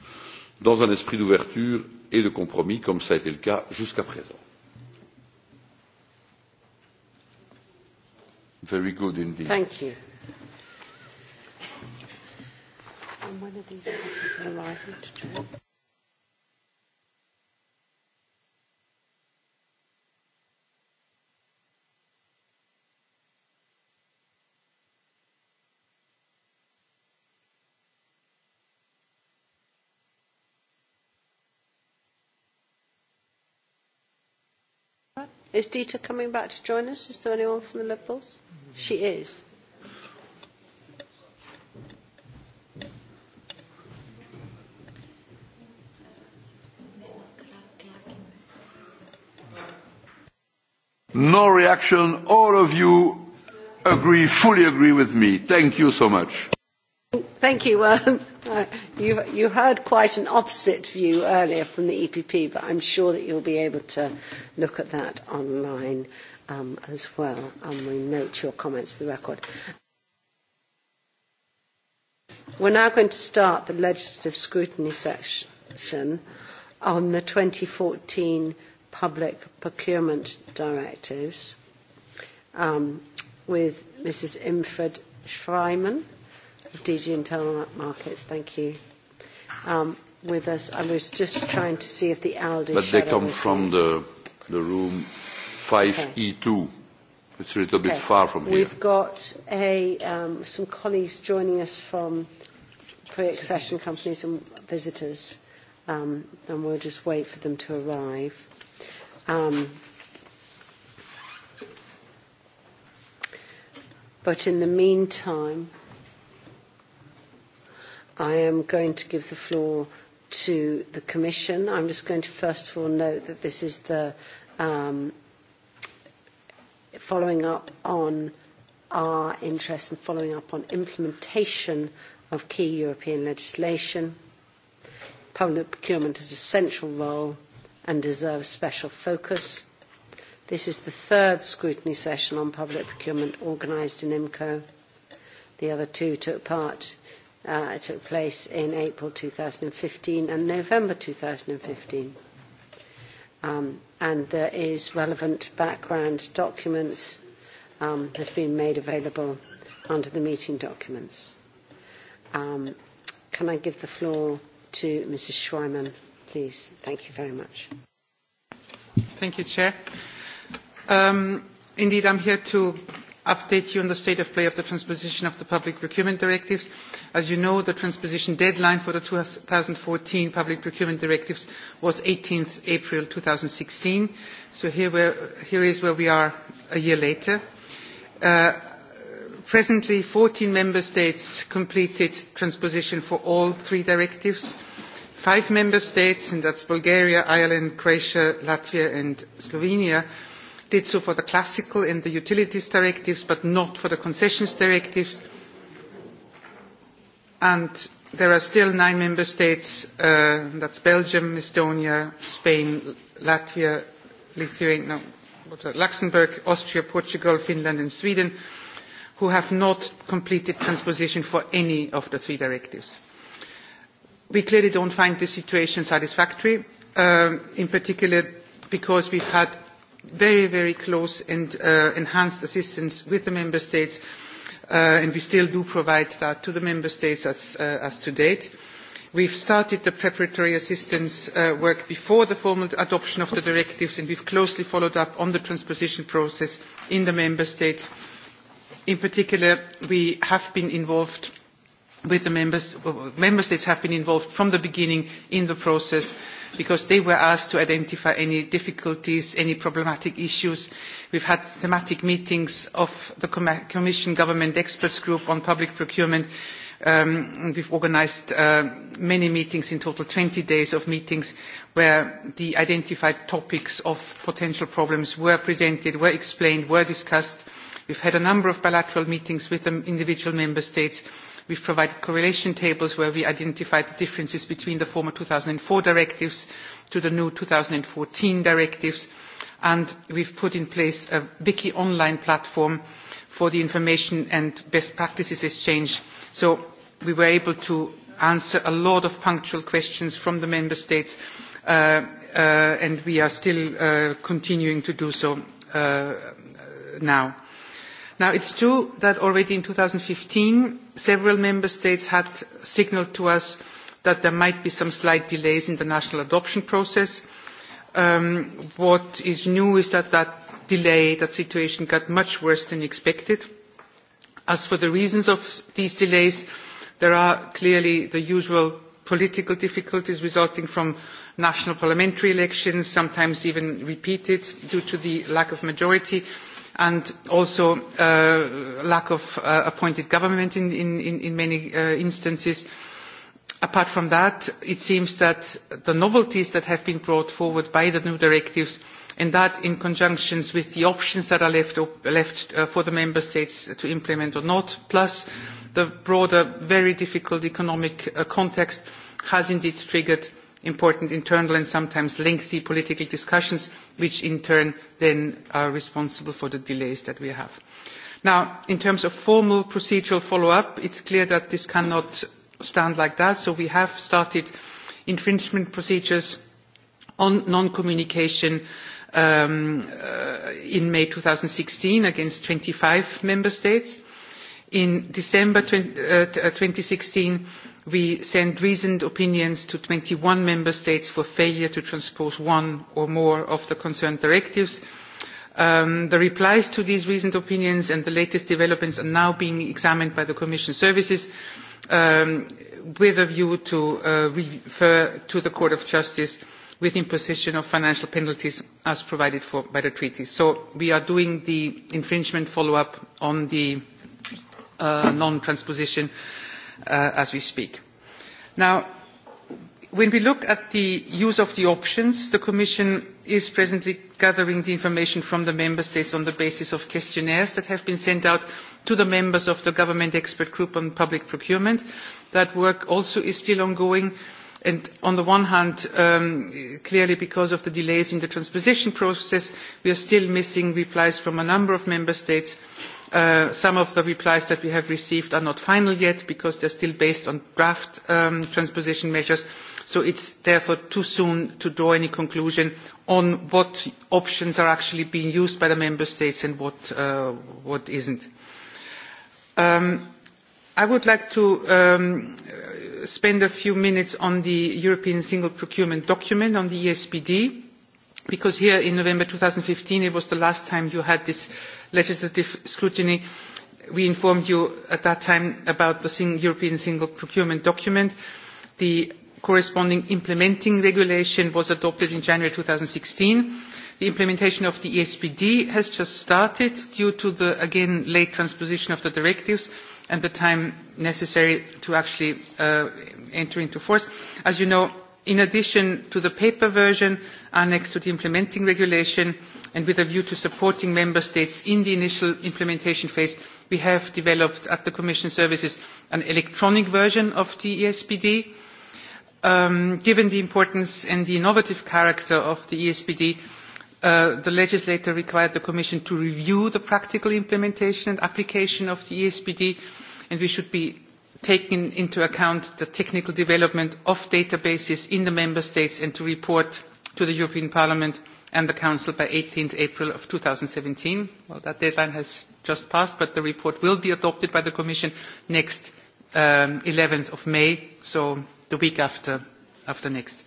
dans un esprit d'ouverture et de compromis comme ça a été le cas jusqu'à présent. Very good indeed. Thank you. And when are these arrived? Is Dita coming back to join us? Is there anyone from the Liberals? She is. No reaction. All of you agree, fully agree with me. Thank you so much. Thank you. Uh, Uh, you, heard quite an opposite view earlier from the EPP, but I'm sure that you'll be able to look at that online um, as well, and we note your comments to the record. We're now going to start the legislative scrutiny section on the 2014 public procurement directives um, with Mrs. Imfred Schreiman of DG Internal Markets. Thank you. Um, with us, I was just trying to see if the Aldi. But they come from the, the room 5E2. Okay. It's a little bit far from here. We've got a, um, some colleagues joining us from pre-accession companies and visitors, um, and we'll just wait for them to arrive. but in the meantime, I am going to give the floor to the Commission. I'm just going to first of all note that this is the um, following up on our interest and following up on implementation of key European legislation. Public procurement has a central role and deserves special focus. This is the third scrutiny session on public procurement organised in IMCO. The other two took part Uh, it took place in April 2015 and November 2015. Um, and there is relevant background documents um, has been made available under the meeting documents. Um, can I give the floor to Mrs. Schweiman, please? Thank you very much. Thank you, Chair. Um, indeed, I'm here to update you on the state of play of the transposition of the public procurement directives. As you know, the transposition deadline for the 2014 public procurement directives was 18th April 2016. So here, we're, here is where we are a year later. Uh, presently, 14 member states completed transposition for all three directives. Five member states, and that's Bulgaria, Ireland, Croatia, Latvia and Slovenia, did so for the classical and the utilities directives, but not for the concessions directives. And there are still nine member states, uh, that's Belgium, Estonia, Spain, Latvia, Lithuania, no, Luxembourg, Austria, Portugal, Finland and Sweden, who have not completed transposition for any of the three directives. We clearly don't find the situation satisfactory, um, in particular because we've had very, very close and uh, enhanced assistance with the member states, uh, and we still do provide that to the member states as, uh, as to date. We've started the preparatory assistance uh, work before the formal adoption of the directives, and we've closely followed up on the transposition process in the member states. In particular, we have been involved with the members, uh, member states have been involved from the beginning in the process because they were asked to identify any difficulties, any problematic issues. We've had thematic meetings of the Commission Government Experts Group on public procurement. Um, we've organised uh, many meetings, in total 20 days of meetings, where the identified topics of potential problems were presented, were explained, were discussed. We've had a number of bilateral meetings with the individual member states We've provided correlation tables where we identified the differences between the former 2004 directives to the new 2014 directives. And we've put in place a Wiki online platform for the information and best practices exchange. So we were able to answer a lot of punctual questions from the member states uh, uh, and we are still uh, continuing to do so uh, now. Now it's true that already in 2015 several member states had signalled to us that there might be some slight delays in the national adoption process. Um, what is new is that that delay, that situation got much worse than expected. As for the reasons of these delays, there are clearly the usual political difficulties resulting from national parliamentary elections, sometimes even repeated due to the lack of majority. Uh, and also uh, lack of uh, appointed government in, in, in many uh, instances. Apart from that, it seems that the novelties that have been brought forward by the new directives and that in conjunction with the options that are left, left uh, for the member states to implement or not, plus the broader, very difficult economic uh, context has indeed triggered important internal and sometimes lengthy political discussions, which in turn then are responsible for the delays that we have. Now, in terms of formal procedural follow-up, it's clear that this cannot stand like that, so we have started infringement procedures on non-communication um, uh, in May 2016 against 25 member states. In December 20, uh, 2016, uh, we send reasoned opinions to 21 member states for failure to transpose one or more of the concerned directives. Um, the replies to these reasoned opinions and the latest developments are now being examined by the Commission services um, with a view to uh, refer to the Court of Justice with imposition of financial penalties as provided for by the treaty. So we are doing the infringement follow-up on the uh, non-transposition uh, Uh, as we speak. Now, when we look at the use of the options, the Commission is presently gathering the information from the Member States on the basis of questionnaires that have been sent out to the members of the Government Expert Group on Public Procurement. That work also is still ongoing. And on the one hand, um, clearly because of the delays in the transposition process, we are still missing replies from a number of member states Uh, some of the replies that we have received are not final yet because they're still based on draft um, transposition measures. So it's therefore too soon to draw any conclusion on what options are actually being used by the member states and what, uh, what isn't. Um, I would like to um, spend a few minutes on the European Single Procurement Document, on the ESPD, because here in November 2015 it was the last time you had this legislative scrutiny. We informed you at that time about the European Single Procurement Document. The corresponding implementing regulation was adopted in January 2016. The implementation of the ESPD has just started due to the, again, late transposition of the directives and the time necessary to actually uh, enter into force. As you know, in addition to the paper version annexed to the implementing regulation, and with a view to supporting member states in the initial implementation phase, we have developed at the Commission Services an electronic version of the ESPD. Um, given the importance and the innovative character of the ESPD, uh, the legislator required the Commission to review the practical implementation and application of the ESPD, and we should be taking into account the technical development of databases in the member states and to report to the European Parliament and the Council by 18th April of 2017. Well, that deadline has just passed, but the report will be adopted by the Commission next um, 11th of May, so the week after, after next.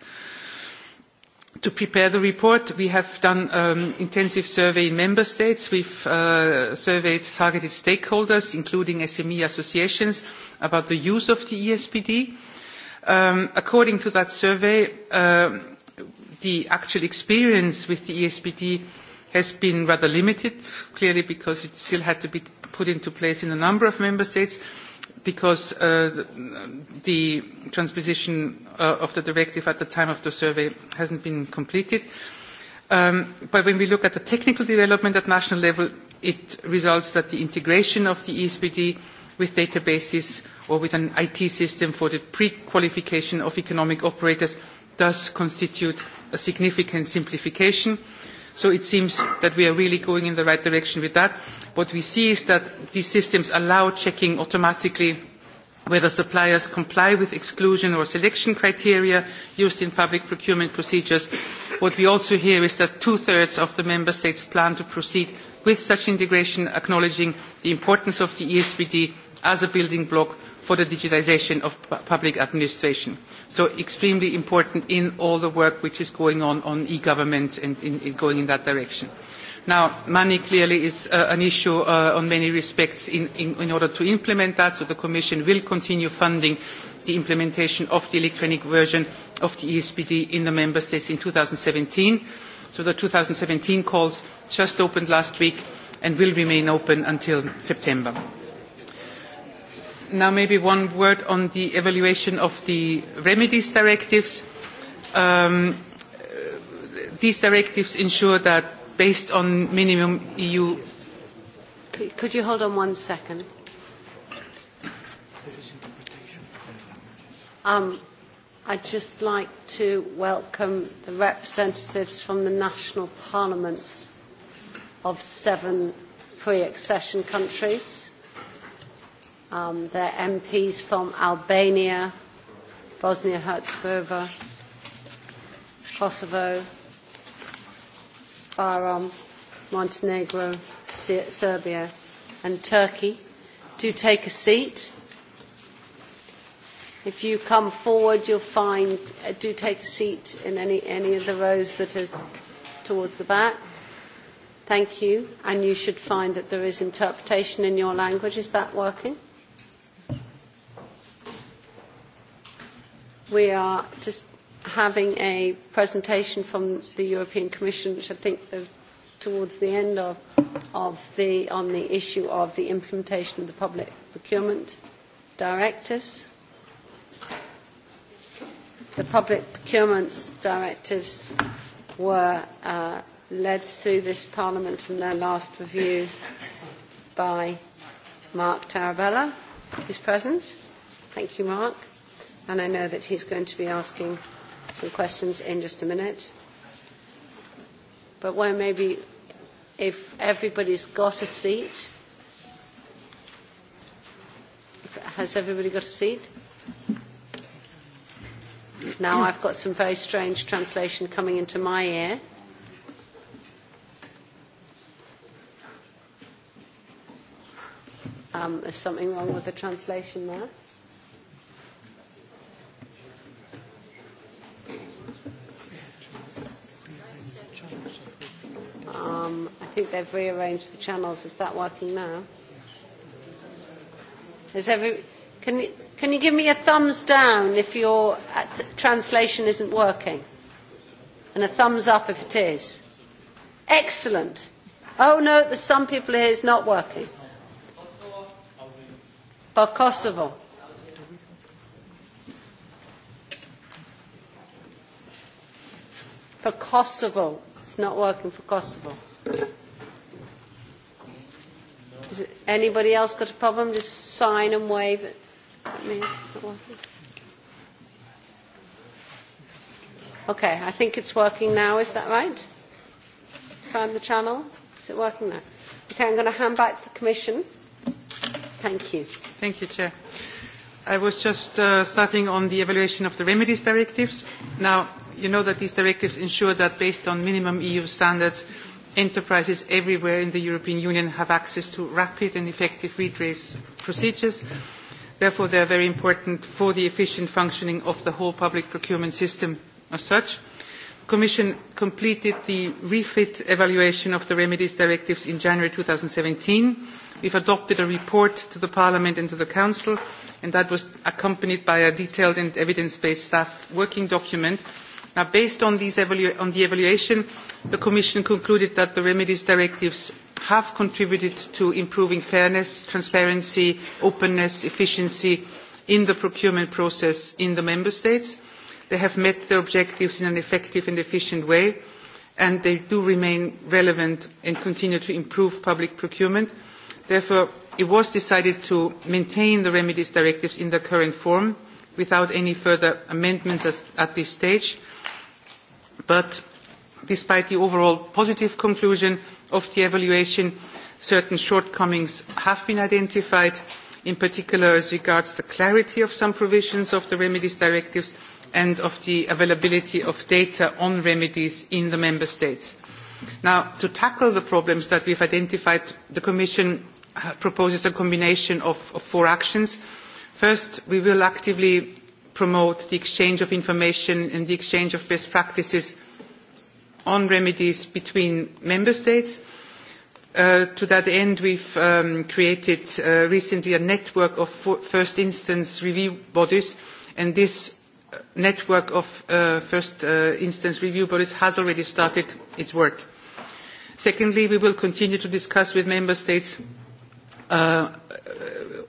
To prepare the report, we have done um, intensive survey in member states. We've uh, surveyed targeted stakeholders, including SME associations, about the use of the ESPD. Um, according to that survey, um, the actual experience with the ESBD has been rather limited, clearly because it still had to be put into place in a number of member states, because uh, the transposition uh, of the directive at the time of the survey hasn't been completed. Um, but when we look at the technical development at national level, it results that the integration of the ESBD with databases or with an IT system for the pre-qualification of economic operators does constitute a significant simplification. So it seems that we are really going in the right direction with that. What we see is that these systems allow checking automatically whether suppliers comply with exclusion or selection criteria used in public procurement procedures. What we also hear is that two-thirds of the member states plan to proceed with such integration, acknowledging the importance of the ESPD as a building block for the digitisation of public administration. So extremely important in all the work which is going on on e-government and in, in going in that direction. Now, money clearly is uh, an issue uh, on many respects in, in, in order to implement that, so the Commission will continue funding the implementation of the electronic version of the ESPD in the Member States in 2017. So the 2017 calls just opened last week and will remain open until September now maybe one word on the evaluation of the remedies directives. Um, these directives ensure that based on minimum EU... Could, you hold on one second? Um, I'd just like to welcome the representatives from the national parliaments of seven pre-accession countries Um, they're MPs from Albania, Bosnia-Herzegovina, Kosovo, Bahrain, Montenegro, Serbia and Turkey. Do take a seat. If you come forward, you'll find, uh, do take a seat in any, any of the rows that are towards the back. Thank you. And you should find that there is interpretation in your language. Is that working? we are just having a presentation from the European Commission, which I think the, towards the end of, of the, on the issue of the implementation of the public procurement directives. The public procurement directives were uh, led through this Parliament in their last review by Mark Tarabella, who's present. Thank you, Mark and I know that he's going to be asking some questions in just a minute. But why maybe if everybody's got a seat, has everybody got a seat? Now I've got some very strange translation coming into my ear. Um, there's something wrong with the translation there. Um, I think they've rearranged the channels. Is that working now? Is every, can, you, can you give me a thumbs down if your uh, translation isn't working? And a thumbs up if it is. Excellent. Oh no, there's some people here it's not working. For Kosovo. For Kosovo. It's not working for Kosovo anybody else got a problem? Just sign and wave. It. okay, I think it's working now. Is that right? Found the channel. Is it working now? Okay, I'm going to hand back to the Commission. Thank you. Thank you, Chair. I was just uh, starting on the evaluation of the remedies directives. Now, you know that these directives ensure that based on minimum EU standards, enterprises everywhere in the European Union have access to rapid and effective redress procedures. Therefore, they are very important for the efficient functioning of the whole public procurement system as such. The Commission completed the refit evaluation of the remedies directives in January 2017. We have adopted a report to the Parliament and to the Council, and that was accompanied by a detailed and evidence-based staff working document Now, based on, on the evaluation, the Commission concluded that the Remedies Directives have contributed to improving fairness, transparency, openness, efficiency in the procurement process in the Member States. They have met their objectives in an effective and efficient way, and they do remain relevant and continue to improve public procurement. Therefore, it was decided to maintain the Remedies Directives in their current form without any further amendments at this stage but despite the overall positive conclusion of the evaluation, certain shortcomings have been identified, in particular as regards the clarity of some provisions of the remedies directives and of the availability of data on remedies in the member states. Now, to tackle the problems that we've identified, the Commission uh, proposes a combination of four actions. First, we will actively promote the exchange of information and the exchange of best practices on remedies between member states. Uh, to that end, we've um, created uh, recently a network of first instance review bodies, and this uh, network of uh, first uh, instance review bodies has already started its work. Secondly, we will continue to discuss with member states uh,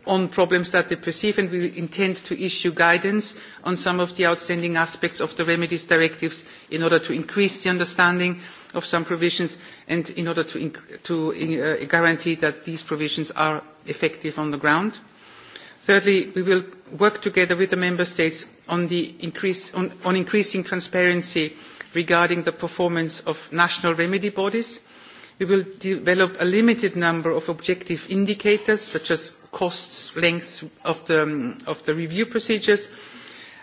on problems that they perceive and we intend to issue guidance on some of the outstanding aspects of the remedies directives in order to increase the understanding of some provisions and in order to, to uh, guarantee that these provisions are effective on the ground. Thirdly, we will work together with the Member States on, the increase, on, on increasing transparency regarding the performance of national remedy bodies We will develop a limited number of objective indicators, such as costs, length of the, um, of the review procedures,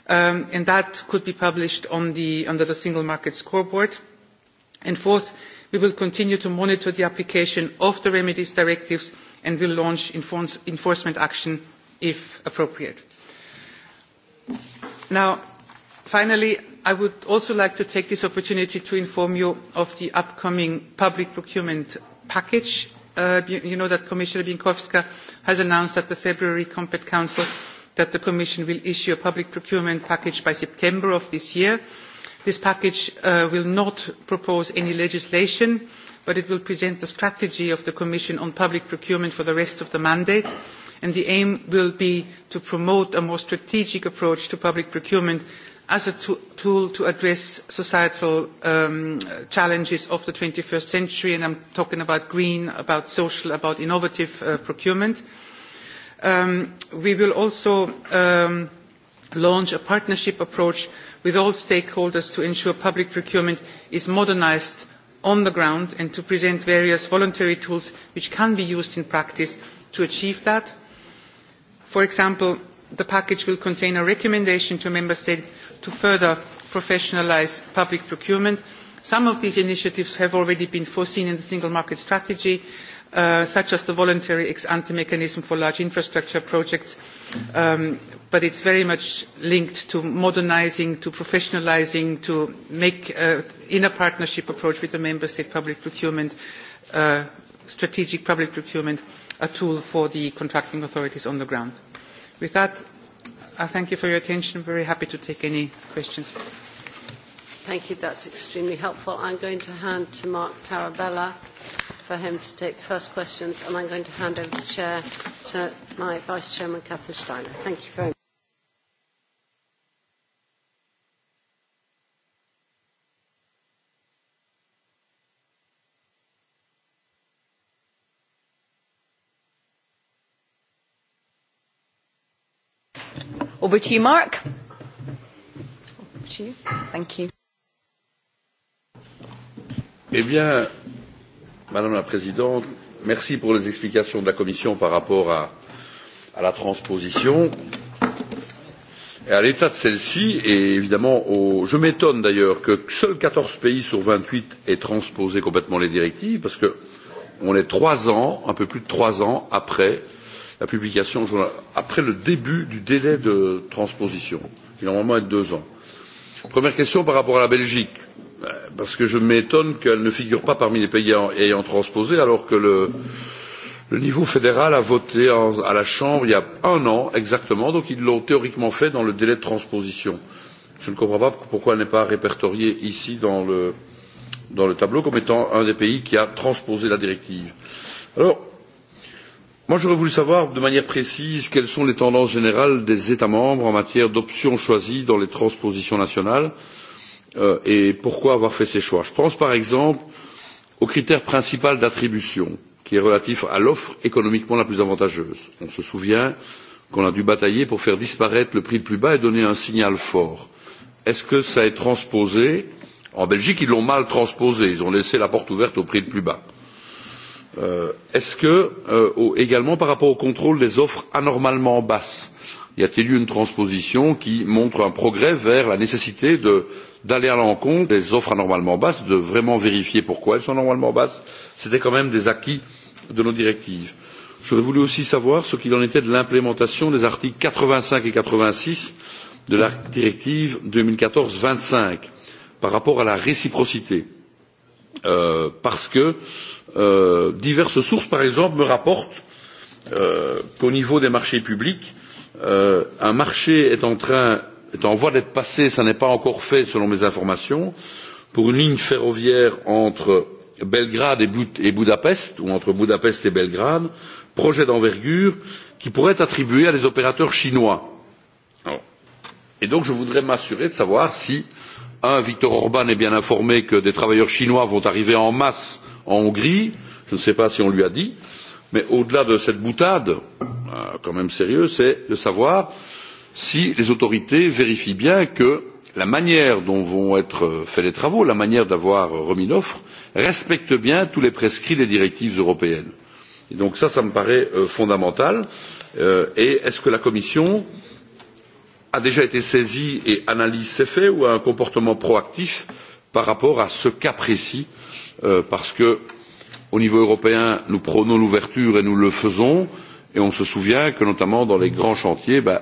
um, and that could be published on the, under the Single Market Scoreboard. And fourth, we will continue to monitor the application of the remedies directives and will launch enforce, enforcement action if appropriate. Now, finally, I would also like to take this opportunity to inform you of the upcoming public procurement package. Uh, you, know that Commissioner Binkowska has announced at the February Compact Council that the Commission will issue a public procurement package by September of this year. This package uh, will not propose any legislation, but it will present the strategy of the Commission on public procurement for the rest of the mandate, and the aim will be to promote a more strategic approach to public procurement as a tool to address societal um, challenges of the 21st century, and I'm talking about green, about social, about innovative uh, procurement. Um, we will also um, launch a partnership approach with all stakeholders to ensure public procurement is modernised on the ground and to present various voluntary tools which can be used in practice to achieve that. For example, the package will contain a recommendation to Member States to further professionalise public procurement. Some of these initiatives have already been foreseen in the single market strategy, uh, such as the voluntary ex-ante mechanism for large infrastructure projects, um, but it's very much linked to modernising, to professionalising, to make uh, in a partnership approach with the member state public procurement, uh, strategic public procurement, a tool for the contracting authorities on the ground. With that, I thank you for your attention. Very happy to take any questions. Thank you. That's extremely helpful. I'm going to hand to Mark Tarabella for him to take the first questions, and I'm going to hand over the chair to my vice chairman, Catherine Steiner. Thank you very much. Over to you, Mark. To you. Thank you. Eh bien, Madame la Présidente, merci pour les explications de la Commission par rapport à, à la transposition et à l'état de celle ci et évidemment au... je m'étonne d'ailleurs que seuls 14 pays sur 28 aient transposé complètement les directives parce qu'on est trois ans un peu plus de trois ans après la publication après le début du délai de transposition, qui normalement est de deux ans. Première question par rapport à la Belgique, euh, parce que je m'étonne qu'elle ne figure pas parmi les pays ayant transposé, alors que le, le niveau fédéral a voté en, à la Chambre il y a un an exactement, donc ils l'ont théoriquement fait dans le délai de transposition. Je ne comprends pas pourquoi elle n'est pas répertoriée ici dans le, dans le tableau comme étant un des pays qui a transposé la directive. Alors, Moi, j'aurais voulu savoir de manière précise quelles sont les tendances générales des États membres en matière d'options choisies dans les transpositions nationales euh, et pourquoi avoir fait ces choix. Je pense par exemple au critère principal d'attribution qui est relatif à l'offre économiquement la plus avantageuse. On se souvient qu'on a dû batailler pour faire disparaître le prix le plus bas et donner un signal fort. Est-ce que ça est transposé En Belgique, ils l'ont mal transposé. Ils ont laissé la porte ouverte au prix le plus bas. Euh, est ce que euh, également par rapport au contrôle des offres anormalement basses y a t il eu une transposition qui montre un progrès vers la nécessité d'aller à l'encontre des offres anormalement basses de vraiment vérifier pourquoi elles sont anormalement basses? c'était quand même des acquis de nos directives. j'aurais voulu aussi savoir ce qu'il en était de l'implémentation des articles quatre vingt cinq et quatre vingt six de la directive deux mille quatorze vingt cinq par rapport à la réciprocité. Euh, parce que euh, diverses sources, par exemple, me rapportent euh, qu'au niveau des marchés publics, euh, un marché est en train est en voie d'être passé, ça n'est pas encore fait selon mes informations, pour une ligne ferroviaire entre Belgrade et, Bud et Budapest, ou entre Budapest et Belgrade, projet d'envergure qui pourrait être attribué à des opérateurs chinois. Alors, et donc je voudrais m'assurer de savoir si euh, un Viktor Orban est bien informé que des travailleurs chinois vont arriver en masse en Hongrie. Je ne sais pas si on lui a dit. Mais au-delà de cette boutade, euh, quand même sérieuse, c'est de savoir si les autorités vérifient bien que la manière dont vont être faits les travaux, la manière d'avoir remis l'offre, respecte bien tous les prescrits des directives européennes. Et donc ça, ça me paraît euh, fondamental. Euh, et est-ce que la Commission euh, a déjà été saisi et analyse ses faits ou a un comportement proactif par rapport à ce cas précis euh, parce que au niveau européen nous prônons l'ouverture et nous le faisons et on se souvient que notamment dans les grands chantiers ben,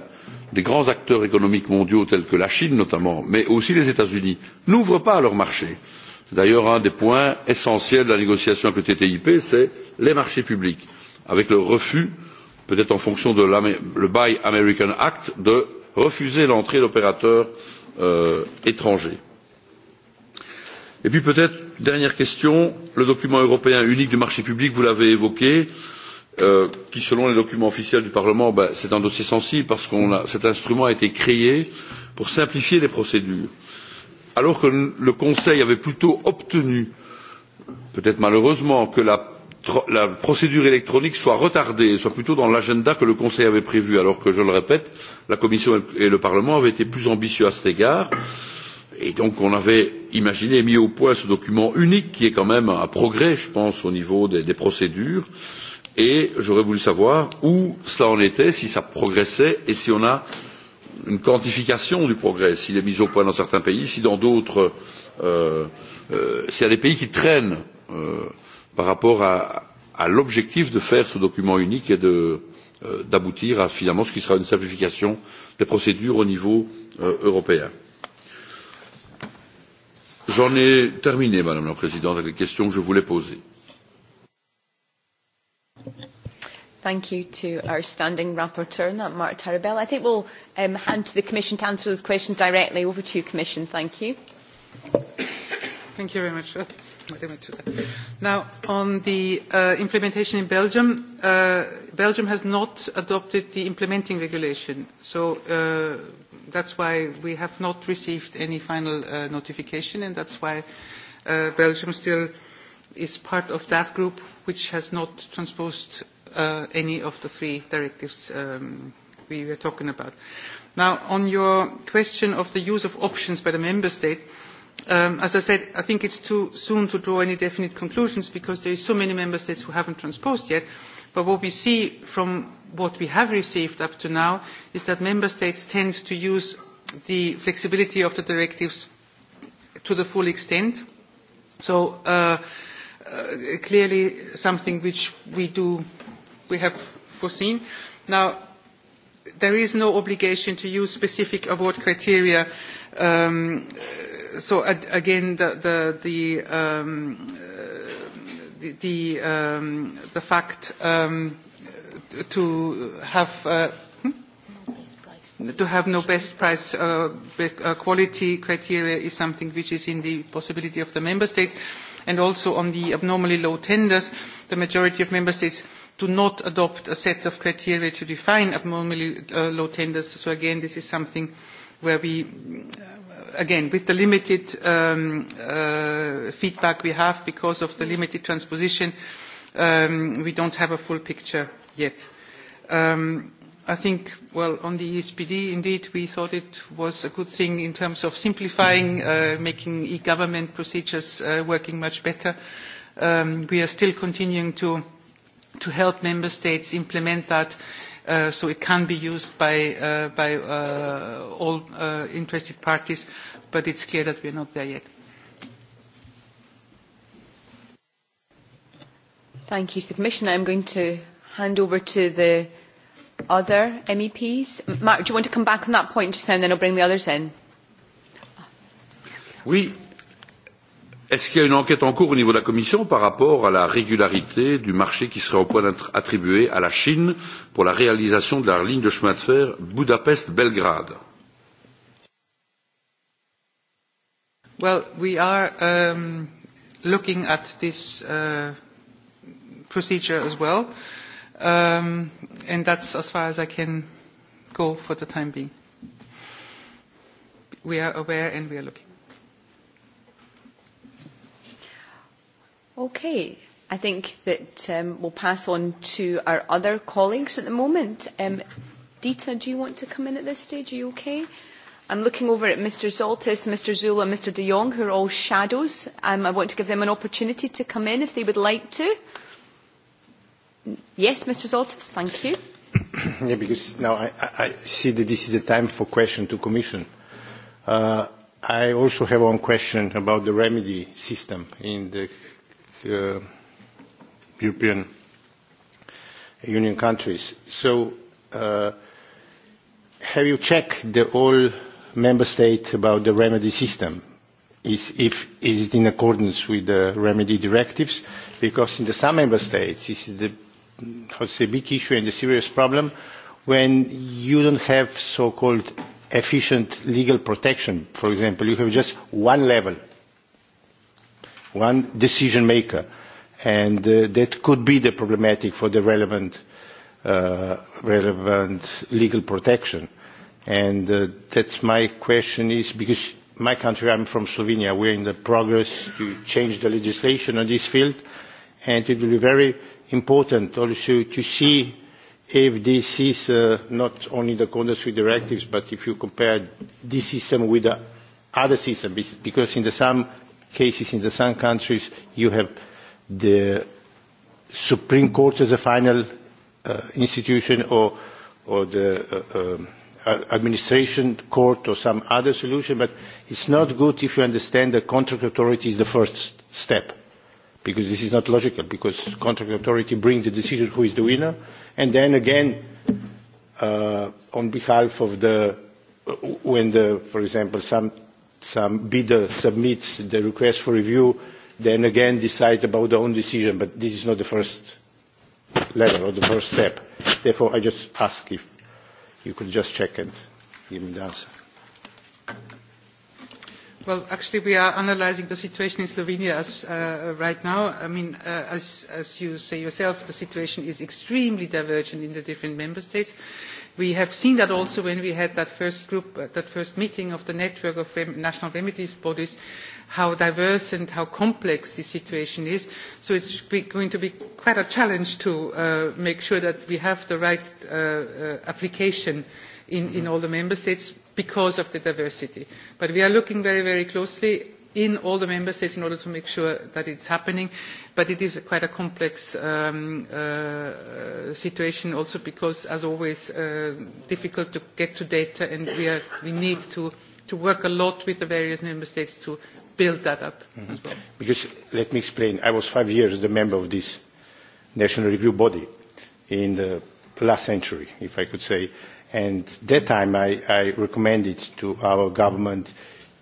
des grands acteurs économiques mondiaux tels que la Chine notamment, mais aussi les États-Unis, n'ouvrent pas leurs marchés. D'ailleurs, un des points essentiels de la négociation avec le TTIP, c'est les marchés publics, avec le refus, peut-être en fonction de le Buy American Act, de refuser l'entrée d'opérateurs euh, étrangers. Et puis peut être dernière question le document européen unique du marché public vous l'avez évoqué euh, qui selon les documents officiels du Parlement ben, c'est un dossier sensible parce que cet instrument a été créé pour simplifier les procédures alors que le Conseil avait plutôt obtenu peut être malheureusement que la la procédure électronique soit retardée et soit plutôt dans l'agenda que le Conseil avait prévu, alors que, je le répète, la Commission et le Parlement avaient été plus ambitieux à cet égard. Et donc, on avait imaginé et mis au point ce document unique qui est quand même un progrès, je pense, au niveau des, des procédures. Et j'aurais voulu savoir où cela en était, si ça progressait et si on a une quantification du progrès, s'il est mis au point dans certains pays, si dans d'autres, euh, euh, s'il y a des pays qui traînent. Euh, par rapport à, à l'objectif de faire ce document unique et euh, d'aboutir euh, à finalement ce qui sera une simplification des procédures au niveau euh, européen. J'en ai terminé, Madame la Présidente, avec les questions que je voulais poser. Thank you to our standing rapporteur, and that Mark Tarabell. I think we'll um, hand to the Commission to answer those questions directly. Over to you, Commission. Thank you. Thank you very much. Now, on the uh, implementation in Belgium, uh, Belgium has not adopted the implementing regulation, so uh, that's why we have not received any final uh, notification, and that's why uh, Belgium still is part of that group which has not transposed uh, any of the three directives um, we were talking about. Now, on your question of the use of options by the member state, uh, Um, as I said, I think it's too soon to draw any definite conclusions because there are so many member states who haven't transposed yet. But what we see from what we have received up to now is that member states tend to use the flexibility of the directives to the full extent. So uh, uh, clearly something which we do, we have foreseen. Now, there is no obligation to use specific award criteria um, uh, so again, the, the, the, um, the, the, um, the fact um, to have uh, hmm? to have no best price uh, uh, quality criteria is something which is in the possibility of the member states and also on the abnormally low tenders the majority of member states do not adopt a set of criteria to define abnormally uh, low tenders so again this is something where we again, with the limited um, uh, feedback we have because of the limited transposition, um, we don't have a full picture yet. Um, I think, well, on the ESPD, indeed, we thought it was a good thing in terms of simplifying, uh, making e-government procedures uh, working much better. Um, we are still continuing to, to help member states implement that Uh, so it can be used by, uh, by uh, all uh, interested parties, but it's clear that we're not there yet. Thank you to the Commissioner. I'm going to hand over to the other MEPs. Mark, do you want to come back on that point just now, and then I'll bring the others in? Oui, Est-ce qu'il y a une enquête en cours au niveau de la Commission par rapport à la régularité du marché qui serait au point d'être attribué à la Chine pour la réalisation de la ligne de chemin de fer Budapest-Belgrade Well, we are um, looking at this uh, procedure as well, um, and that's as far as I can go for the time being. We are aware and we are looking. Okay. I think that um, we'll pass on to our other colleagues at the moment. Um, Dita, do you want to come in at this stage? Are you okay? I'm looking over at Mr Zoltis, Mr Zula, Mr de Jong, who are all shadows. Um, I want to give them an opportunity to come in if they would like to. Yes, Mr Zoltis, thank you. yeah, because now I, I see that this is a time for question to Commission. Uh, I also have one question about the remedy system in the uh, European Union countries. So uh, have you checked the all member state about the remedy system? Is, if, is it in accordance with the remedy directives? Because in the some member states, this is the how to say, big issue and a serious problem when you don't have so-called efficient legal protection. For example, you have just one level one decision maker. And uh, that could be the problematic for the relevant, uh, relevant legal protection. And uh, that's my question is, because my country, I'm from Slovenia, we're in the progress to change the legislation on this field. And it will be very important also to see if this is uh, not only the accordance with directives, but if you compare this system with the other system, because in the some cases in the some countries, you have the Supreme Court as a final uh, institution or, or the uh, uh, administration court or some other solution, but it's not good if you understand that contract authority is the first step because this is not logical because contract authority brings the decision who is the winner and then again uh, on behalf of the uh, when the for example some some bidder submits the request for review, then again decide about their own decision. But this is not the first level or the first step. Therefore, I just ask if you could just check and give me the answer. Well, actually, we are analyzing the situation in Slovenia as, uh, right now. I mean, uh, as, as you say yourself, the situation is extremely divergent in the different member states we have seen that also when we had that first group, uh, that first meeting of the network of national remedies bodies, how diverse and how complex the situation is. So it's going to be quite a challenge to uh, make sure that we have the right uh, uh, application in, in mm-hmm. all the member states because of the diversity. But we are looking very, very closely in all the member states in order to make sure that it's happening. But it is quite a complex um, uh, situation also because, as always, uh, difficult to get to data and we, are, we need to, to work a lot with the various member states to build that up mm -hmm. as mm-hmm. well. Because, let me explain, I was five years the member of this national review body in the last century, if I could say. And that time I, I recommended to our government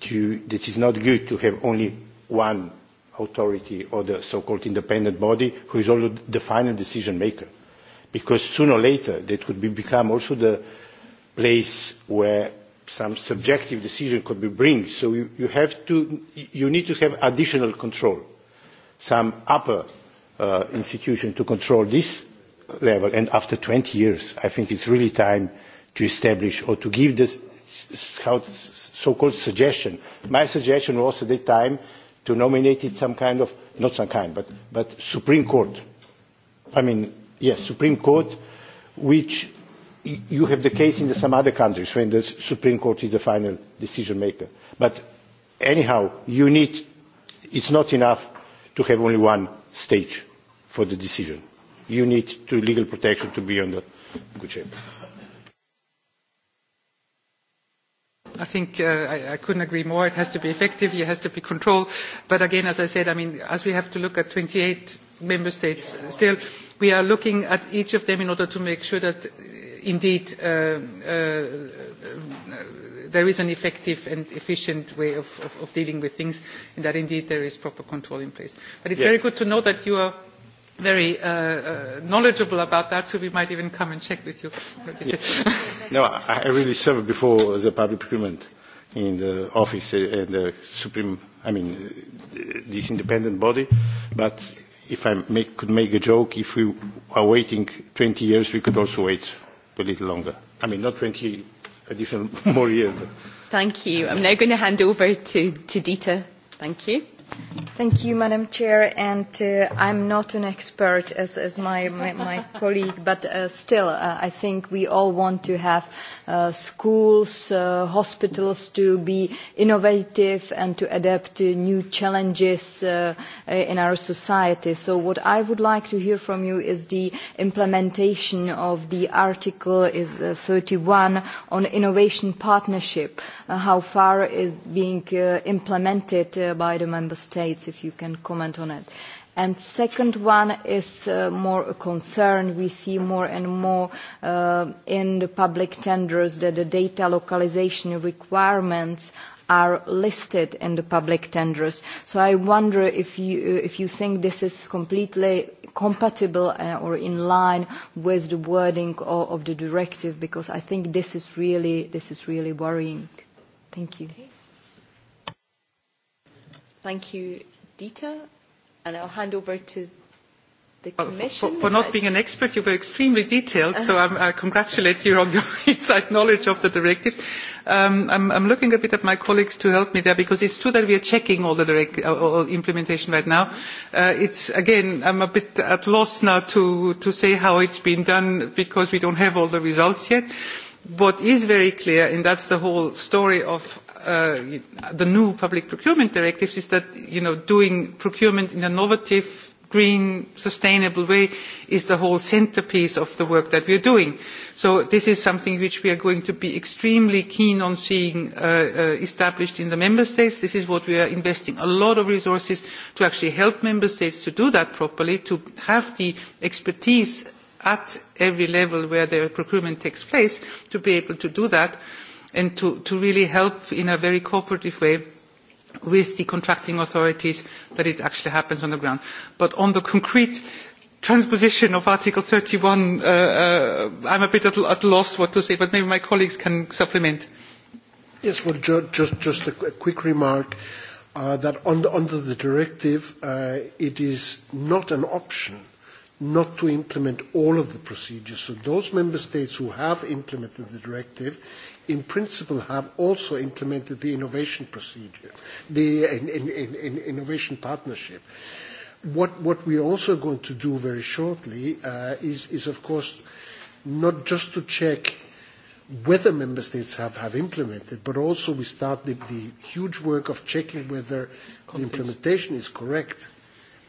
to, that is not good to have only one authority or the so-called independent body who is also the final decision maker. Because sooner or later, that could be become also the place where some subjective decision could be bring. So you, you have to, you need to have additional control, some upper uh, institution to control this level. And after 20 years, I think it's really time to establish or to give this, so-called suggestion. My suggestion was at the time to nominate it some kind of, not some kind, but, but Supreme Court. I mean, yes, Supreme Court, which you have the case in the, some other countries when the Supreme Court is the final decision maker. But anyhow, you need, it's not enough to have only one stage for the decision. You need to legal protection to be on the good shape. I think uh, I, I couldn't agree more. It has to be effective. It has to be controlled. But again, as I said, I mean, as we have to look at 28 member states still, we are looking at each of them in order to make sure that uh, indeed uh, uh, uh, there is an effective and efficient way of, of, of dealing with things and that indeed there is proper control in place. But it's yeah. very good to know that you are very uh, uh, knowledgeable about that, so we might even come and check with you. Yeah. no, I, I really served before the public procurement in the office and uh, the supreme, I mean, uh, this independent body. But if I make, could make a joke, if we are waiting 20 years, we could also wait a little longer. I mean, not 20 additional more years. But. Thank you. I'm now going to hand over to, to Dita. Thank you. Thank you, Madam Chair. And uh, I'm not an expert as, as my, my, my colleague, but uh, still, uh, I think we all want to have uh, schools, uh, hospitals to be innovative and to adapt to new challenges uh, in our society. So what I would like to hear from you is the implementation of the article is uh, 31 on innovation partnership. Uh, how far is being uh, implemented uh, by the member states, if you can comment on it. And second one is uh, more a concern. We see more and more uh, in the public tenders that the data localization requirements are listed in the public tenders. So I wonder if you, uh, if you think this is completely compatible uh, or in line with the wording of, of the directive, because I think this is really, this is really worrying. Thank you. Okay. Thank you, Dita. And I'll hand over to the oh, Commission. Well, for, for not being an expert, you were extremely detailed, so uh-huh. I'm, I congratulate you on your inside knowledge of the directive. Um, I'm, I'm looking a bit at my colleagues to help me there because it's true that we are checking all the direct, uh, all implementation right now. Uh, it's again, I'm a bit at loss now to, to say how it's been done because we don't have all the results yet. What is very clear, and that's the whole story of Uh, the new public procurement directives is that you know doing procurement in an innovative, green, sustainable way is the whole centerpiece of the work that we are doing. So this is something which we are going to be extremely keen on seeing uh, uh, established in the member states. This is what we are investing a lot of resources to actually help member states to do that properly, to have the expertise at every level where their procurement takes place to be able to do that and to, to really help in a very cooperative way with the contracting authorities that it actually happens on the ground. But on the concrete transposition of Article 31, uh, uh, I'm a bit at, at loss what to say, but maybe my colleagues can supplement. Yes, well, ju just, just a, qu a quick remark uh, that under, under the directive, uh, it is not an option not to implement all of the procedures. So those member states who have implemented the directive in principle have also implemented the innovation procedure, the in, in, in, in innovation partnership. What, what we are also going to do very shortly uh, is, is, of course, not just to check whether member states have, have implemented, but also we start the, the huge work of checking whether Content. the implementation is correct.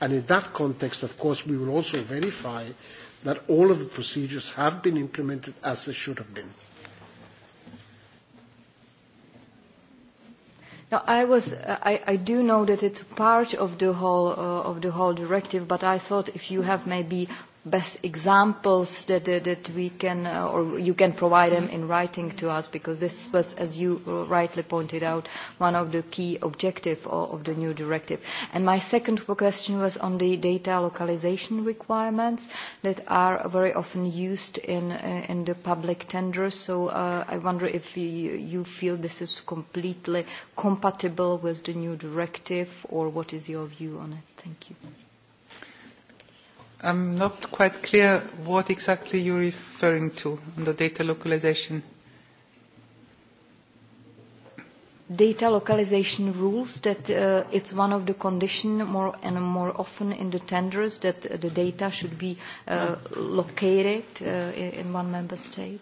And in that context, of course, we will also verify that all of the procedures have been implemented as they should have been. No, I was. I, I do know that it's part of the whole uh, of the whole directive, but I thought if you have maybe best examples that, that, that we can uh, or you can provide them in writing to us because this was as you uh, rightly pointed out one of the key objectives of, of the new directive and my second question was on the data localization requirements that are very often used in uh, in the public tenders so uh, i wonder if you, you feel this is completely compatible with the new directive or what is your view on it thank you I'm not quite clear what exactly you're referring to on the data localization. Data localization rules that uh, it's one of the condition more and more often in the tenders that the data should be uh, located uh, in one member state,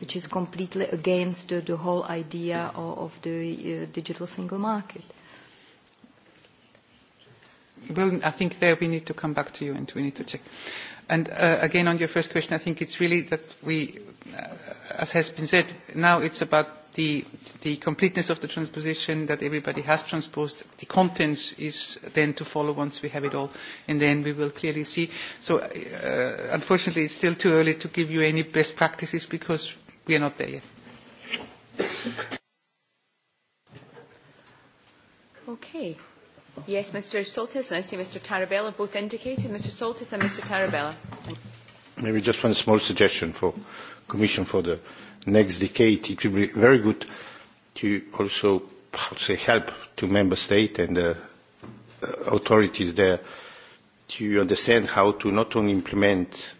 which is completely against the, the whole idea of, of the uh, digital single market. Well, I think there we need to come back to you and we need to check. And uh, again, on your first question, I think it's really that we, uh, as has been said, now it's about the, the completeness of the transposition that everybody has transposed. The contents is then to follow once we have it all, and then we will clearly see. So uh, unfortunately, it's still too early to give you any best practices because we are not there yet. Okay. Yes, Mr. Soltis, and I see Mr. Tarabella both indicated. Mr. Soltis and Mr. Tarabella. Maybe just one small suggestion for Commission for the next decade. It would be very good to also how to say, help to member state and the uh, uh, authorities there to understand how to not only implement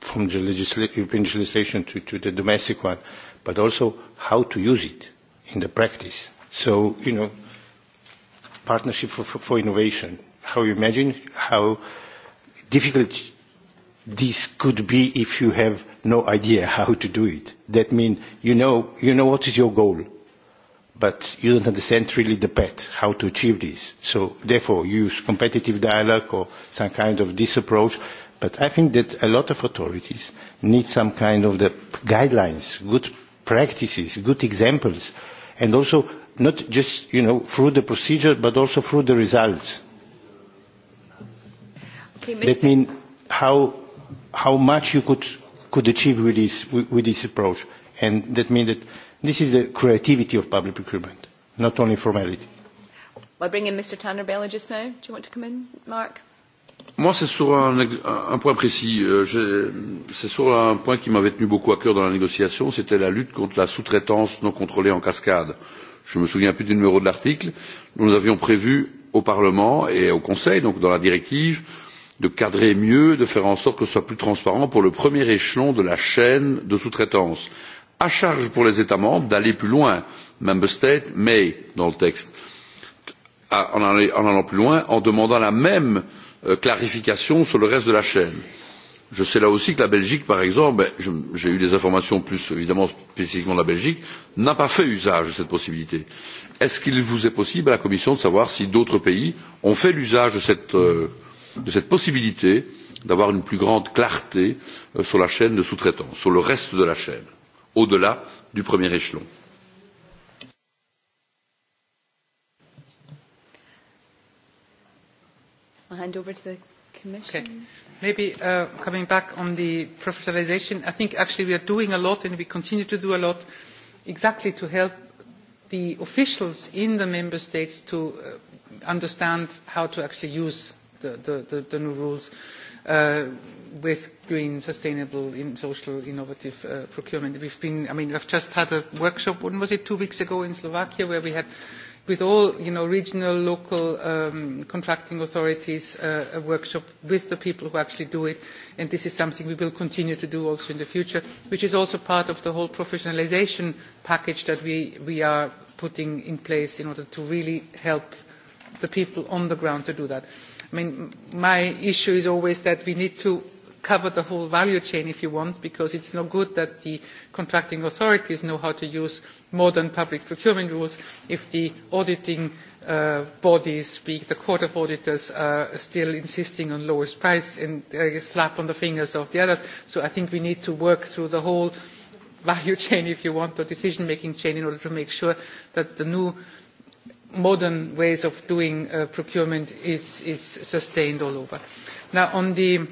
from the legisla European legislation to, to the domestic one, but also how to use it in the practice. So, you know, partnership for, for, for innovation. How you imagine how difficult this could be if you have no idea how to do it. That means you know, you know what is your goal, but you don't understand really the path, how to achieve this. So therefore, use competitive dialogue or some kind of this approach. But I think that a lot of authorities need some kind of the guidelines, good practices, good examples, and also not just you know through the procedure but also through the results. Okay, Mr. That means how how much you could could achieve with this with, with this approach, and that means that this is the creativity of public procurement, not only formality. I bring in Mr. Tanner Bailey just now. Do you want to come in, Mark? Moi, c'est sur un, un point précis. Euh, c'est sur un point qui m'avait tenu beaucoup à cœur dans la négociation, c'était la lutte contre la sous-traitance non contrôlée en cascade je me souviens plus du numéro de l'article, nous avions prévu au Parlement et au Conseil, donc dans la directive, de cadrer mieux, de faire en sorte que ce soit plus transparent pour le premier échelon de la chaîne de sous-traitance. À charge pour les États membres d'aller plus loin, Member State may dans le texte, en allant plus loin, en demandant la même euh, clarification sur le reste de la chaîne Je sais là aussi que la Belgique, par exemple, j'ai eu des informations plus évidemment spécifiquement de la Belgique, n'a pas fait usage de cette possibilité. Est-ce qu'il vous est possible à la Commission de savoir si d'autres pays ont fait l'usage de cette, euh, de cette possibilité d'avoir une plus grande clarté euh, sur la chaîne de sous-traitants, sur le reste de la chaîne, au-delà du premier échelon I'll hand over to the Commission. Okay. Maybe uh, coming back on the professionalization, I think actually we are doing a lot and we continue to do a lot exactly to help the officials in the member states to uh, understand how to actually use the, the, the, the new rules uh, with green, sustainable, in social, innovative uh, procurement. We've been, I mean, I've just had a workshop, when was it, two weeks ago in Slovakia, where we had with all you know, regional, local um, contracting authorities, uh, a workshop with the people who actually do it. And this is something we will continue to do also in the future, which is also part of the whole professionalization package that we, we are putting in place in order to really help the people on the ground to do that. I mean, my issue is always that we need to cover the whole value chain if you want, because it's no good that the contracting authorities know how to use modern public procurement rules if the auditing uh, bodies, be the Court of Auditors, are still insisting on lowest price and uh, slap on the fingers of the others. So I think we need to work through the whole value chain, if you want, or decision-making chain in order to make sure that the new modern ways of doing uh, procurement is, is sustained all over. Now, on the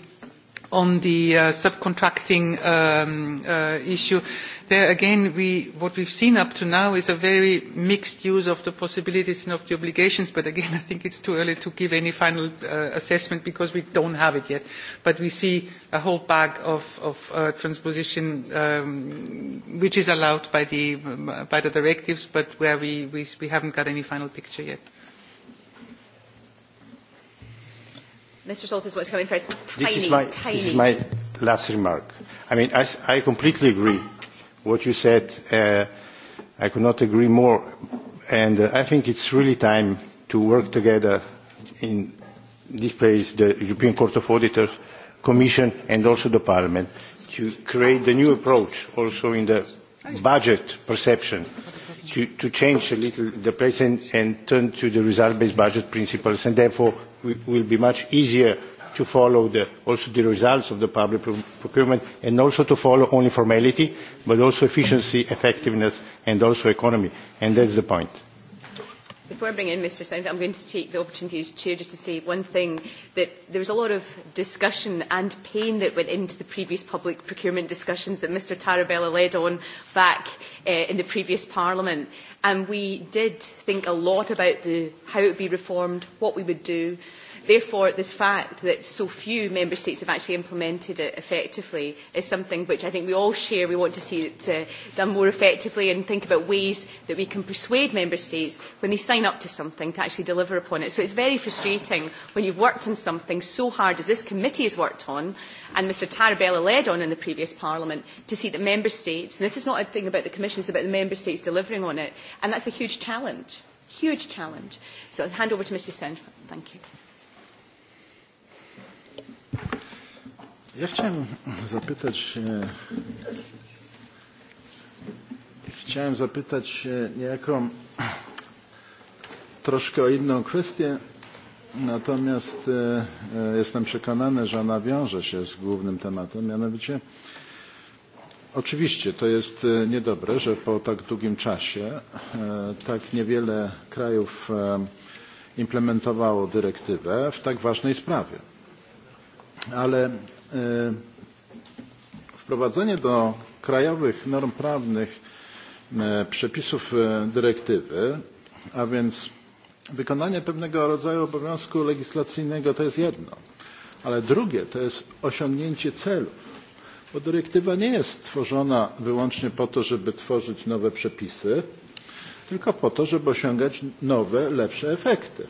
on the uh, subcontracting um, uh, issue, there again, we, what we've seen up to now is a very mixed use of the possibilities and of the obligations. But again, I think it's too early to give any final uh, assessment because we don't have it yet. But we see a whole bag of, of uh, transposition um, which is allowed by the, um, uh, by the directives, but where we, we, we haven't got any final picture yet. Mr. Soltis what's coming for a tiny, this is my, tiny... This is my last remark. I mean, I, I completely agree what you said, uh, I could not agree more. And uh, I think it's really time to work together in this place, the European Court of Auditors, Commission and also the Parliament, to create the new approach also in the budget perception, to, to change a little the place and, and turn to the result-based budget principles, and therefore it will be much easier to follow the, also the results of the public procurement and also to follow only formality, but also efficiency, effectiveness, and also economy. And that's the point. Before I bring in Mr Steinfeld, I'm going to take the opportunity as chair just to say one thing, that there was a lot of discussion and pain that went into the previous public procurement discussions that Mr Tarabella led on back uh, in the previous parliament. And we did think a lot about the, how it would be reformed, what we would do. Therefore, this fact that so few member states have actually implemented it effectively is something which I think we all share. We want to see it uh, done more effectively and think about ways that we can persuade member states when they sign up to something to actually deliver upon it. So it's very frustrating when you've worked on something so hard as this committee has worked on and Mr Tarabella led on in the previous parliament to see that member states, and this is not a thing about the commission, it's about the member states delivering on it, and that's a huge challenge, huge challenge. So I'll hand over to Mr Sandford. Thank you. Ja chciałem zapytać, chciałem zapytać niejako troszkę o inną kwestię, natomiast jestem przekonany, że ona wiąże się z głównym tematem, mianowicie Oczywiście to jest niedobre, że po tak długim czasie tak niewiele krajów implementowało dyrektywę w tak ważnej sprawie. Ale Wprowadzenie do krajowych norm prawnych przepisów dyrektywy, a więc wykonanie pewnego rodzaju obowiązku legislacyjnego to jest jedno, ale drugie to jest osiągnięcie celów. Bo dyrektywa nie jest tworzona wyłącznie po to, żeby tworzyć nowe przepisy, tylko po to, żeby osiągać nowe, lepsze efekty.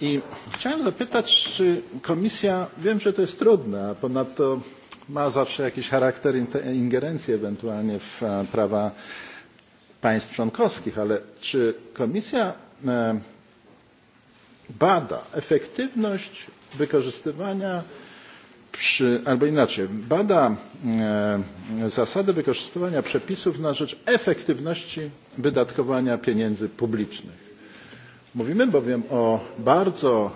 I chciałem zapytać, czy komisja, wiem, że to jest trudne, a ponadto ma zawsze jakiś charakter ingerencji ewentualnie w prawa państw członkowskich, ale czy komisja bada efektywność wykorzystywania przy, albo inaczej, bada e, zasady wykorzystywania przepisów na rzecz efektywności wydatkowania pieniędzy publicznych. Mówimy bowiem o bardzo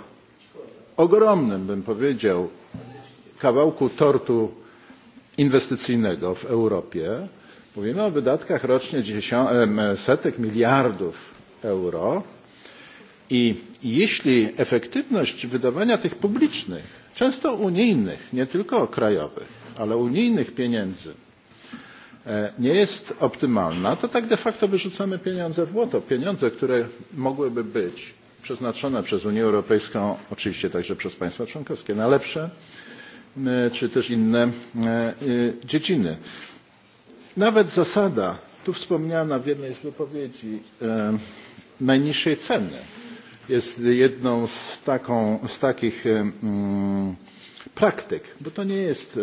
ogromnym, bym powiedział, kawałku tortu inwestycyjnego w Europie. Mówimy o wydatkach rocznie setek miliardów euro i jeśli efektywność wydawania tych publicznych, często unijnych, nie tylko krajowych, ale unijnych pieniędzy nie jest optymalna, to tak de facto wyrzucamy pieniądze w błoto. Pieniądze, które mogłyby być przeznaczone przez Unię Europejską, oczywiście także przez państwa członkowskie, na lepsze czy też inne dziedziny. Nawet zasada, tu wspomniana w jednej z wypowiedzi, najniższej ceny jest jedną z, taką, z takich praktyk, bo to nie jest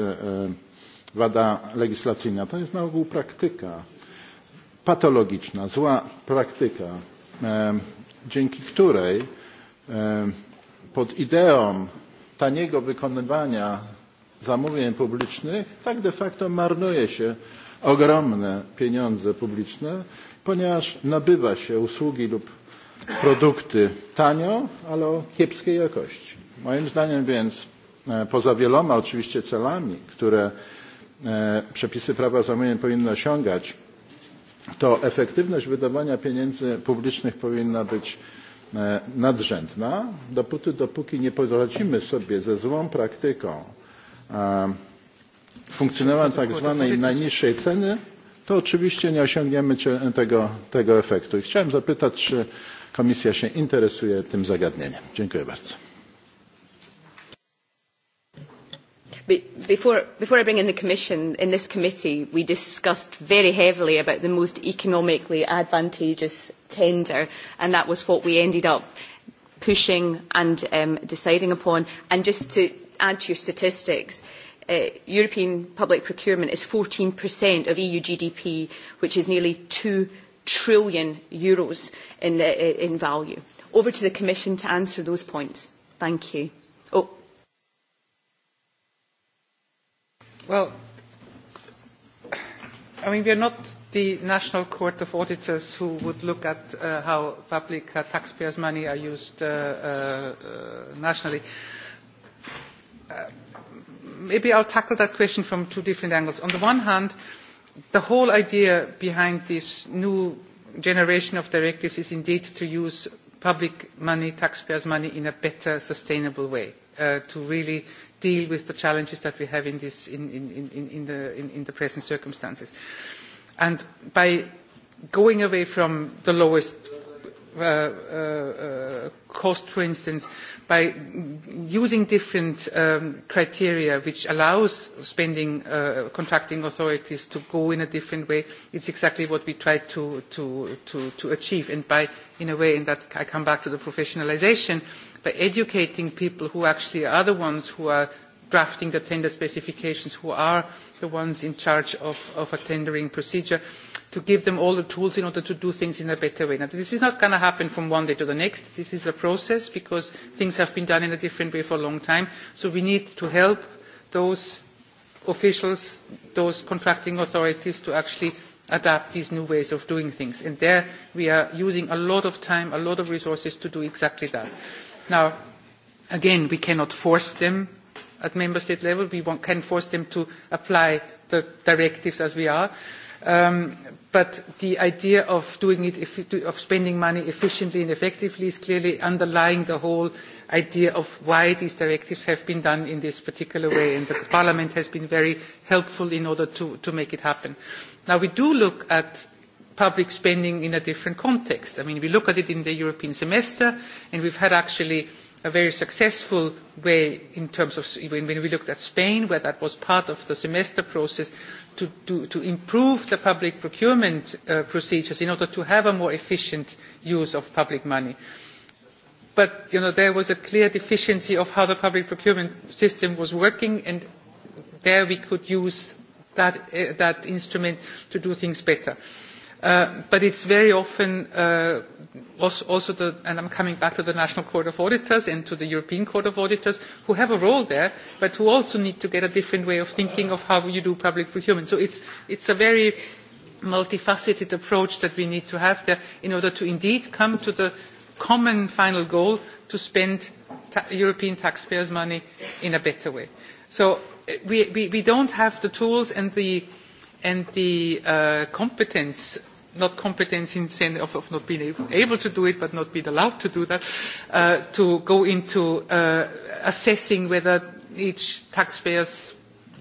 wada legislacyjna. To jest na ogół praktyka patologiczna, zła praktyka, dzięki której pod ideą taniego wykonywania zamówień publicznych tak de facto marnuje się ogromne pieniądze publiczne, ponieważ nabywa się usługi lub produkty tanio, ale o kiepskiej jakości. Moim zdaniem więc poza wieloma oczywiście celami, które przepisy prawa zamówień powinny osiągać, to efektywność wydawania pieniędzy publicznych powinna być nadrzędna, dopóty dopóki nie poradzimy sobie ze złą praktyką funkcjonowania tak zwanej najniższej ceny, to oczywiście nie osiągniemy tego, tego efektu. I chciałem zapytać, czy Komisja się interesuje tym zagadnieniem. Dziękuję bardzo. Before, before I bring in the Commission, in this committee we discussed very heavily about the most economically advantageous tender and that was what we ended up pushing and um, deciding upon. And just to add to your statistics, Uh, European public procurement is 14% of EU GDP, which is nearly 2 trillion euros in, uh, in value. Over to the Commission to answer those points. Thank you. Well, I mean, we are not the National Court of Auditors who would look at uh, how public uh, taxpayers' money are used uh, uh nationally. Uh, maybe I'll tackle that question from two different angles. On the one hand, the whole idea behind this new generation of directives is indeed to use public money, taxpayers' money, in a better, sustainable way uh, to really deal with the challenges that we have in, this, in, in, in the, the, present circumstances. And by going away from the lowest uh, uh, uh, cost, for instance, by using different um, criteria which allows spending uh, contracting authorities to go in a different way, it's exactly what we try to, to, to, to achieve. And by, in a way, and that I come back to the professionalisation educating people who actually are the ones who are drafting the tender specifications, who are the ones in charge of, of a tendering procedure, to give them all the tools in order to do things in a better way. Now, this is not going to happen from one day to the next. This is a process because things have been done in a different way for a long time. So we need to help those officials, those contracting authorities to actually adapt these new ways of doing things. And there we are using a lot of time, a lot of resources to do exactly that. Now, again, we cannot force them at member state level. We want, can force them to apply the directives as we are. Um, but the idea of doing it, of spending money efficiently and effectively is clearly underlying the whole idea of why these directives have been done in this particular way. And the Parliament has been very helpful in order to, to make it happen. Now, we do look at public spending in a different context. I mean, we look at it in the European semester, and we've had actually a very successful way in terms of when we looked at Spain, where that was part of the semester process, to, to, to improve the public procurement uh, procedures in order to have a more efficient use of public money. But you know, there was a clear deficiency of how the public procurement system was working, and there we could use that, uh, that instrument to do things better. Uh, but it's very often uh, also the, and I'm coming back to the National Court of Auditors and to the European Court of Auditors, who have a role there, but who also need to get a different way of thinking of how you do public procurement. So it's, it's a very multifaceted approach that we need to have there in order to indeed come to the common final goal to spend ta European taxpayers' money in a better way. So uh, we, we, we don't have the tools and the uh, and the uh, competence not competence in sense of, of not being able, able to do it, but not being allowed to do that, uh, to go into uh, assessing whether each taxpayer's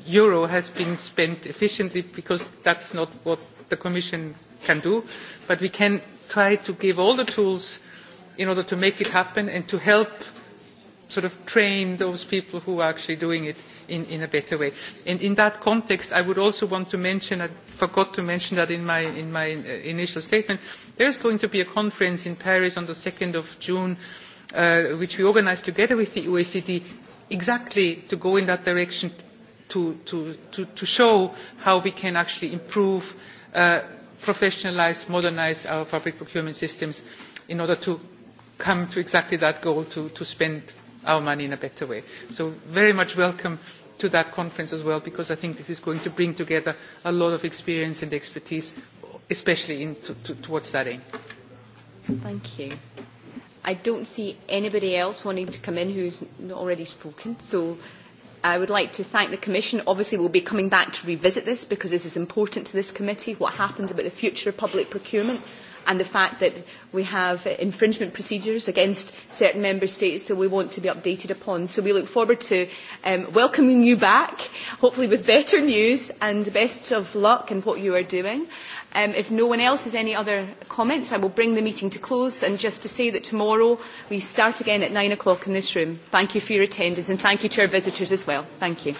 euro has been spent efficiently, because that's not what the Commission can do. But we can try to give all the tools in order to make it happen and to help sort of train those people who are actually doing it in, a better way. And in that context, I would also want to mention, I forgot to mention that in my, in my uh, initial statement, there is going to be a conference in Paris on the 2nd of June, uh, which we organized together with the OECD, exactly to go in that direction, to, to, to, to show how we can actually improve, uh, professionalize, modernize our public procurement systems in order to come to exactly that goal to, to spend our money in a better way. So very much welcome to that conference as well, because I think this is going to bring together a lot of experience and expertise, especially in to, to, towards that aim. Thank you. I don't see anybody else wanting to come in who's not already spoken, so I would like to thank the Commission. Obviously, we'll be coming back to revisit this because this is important to this committee, what happens about the future of public procurement and the fact that we have infringement procedures against certain member states that we want to be updated upon. So we look forward to um, welcoming you back, hopefully with better news and best of luck in what you are doing. Um, if no one else has any other comments, I will bring the meeting to close and just to say that tomorrow we start again at 9 o'clock in this room. Thank you for your attendance and thank you to our visitors as well. Thank you.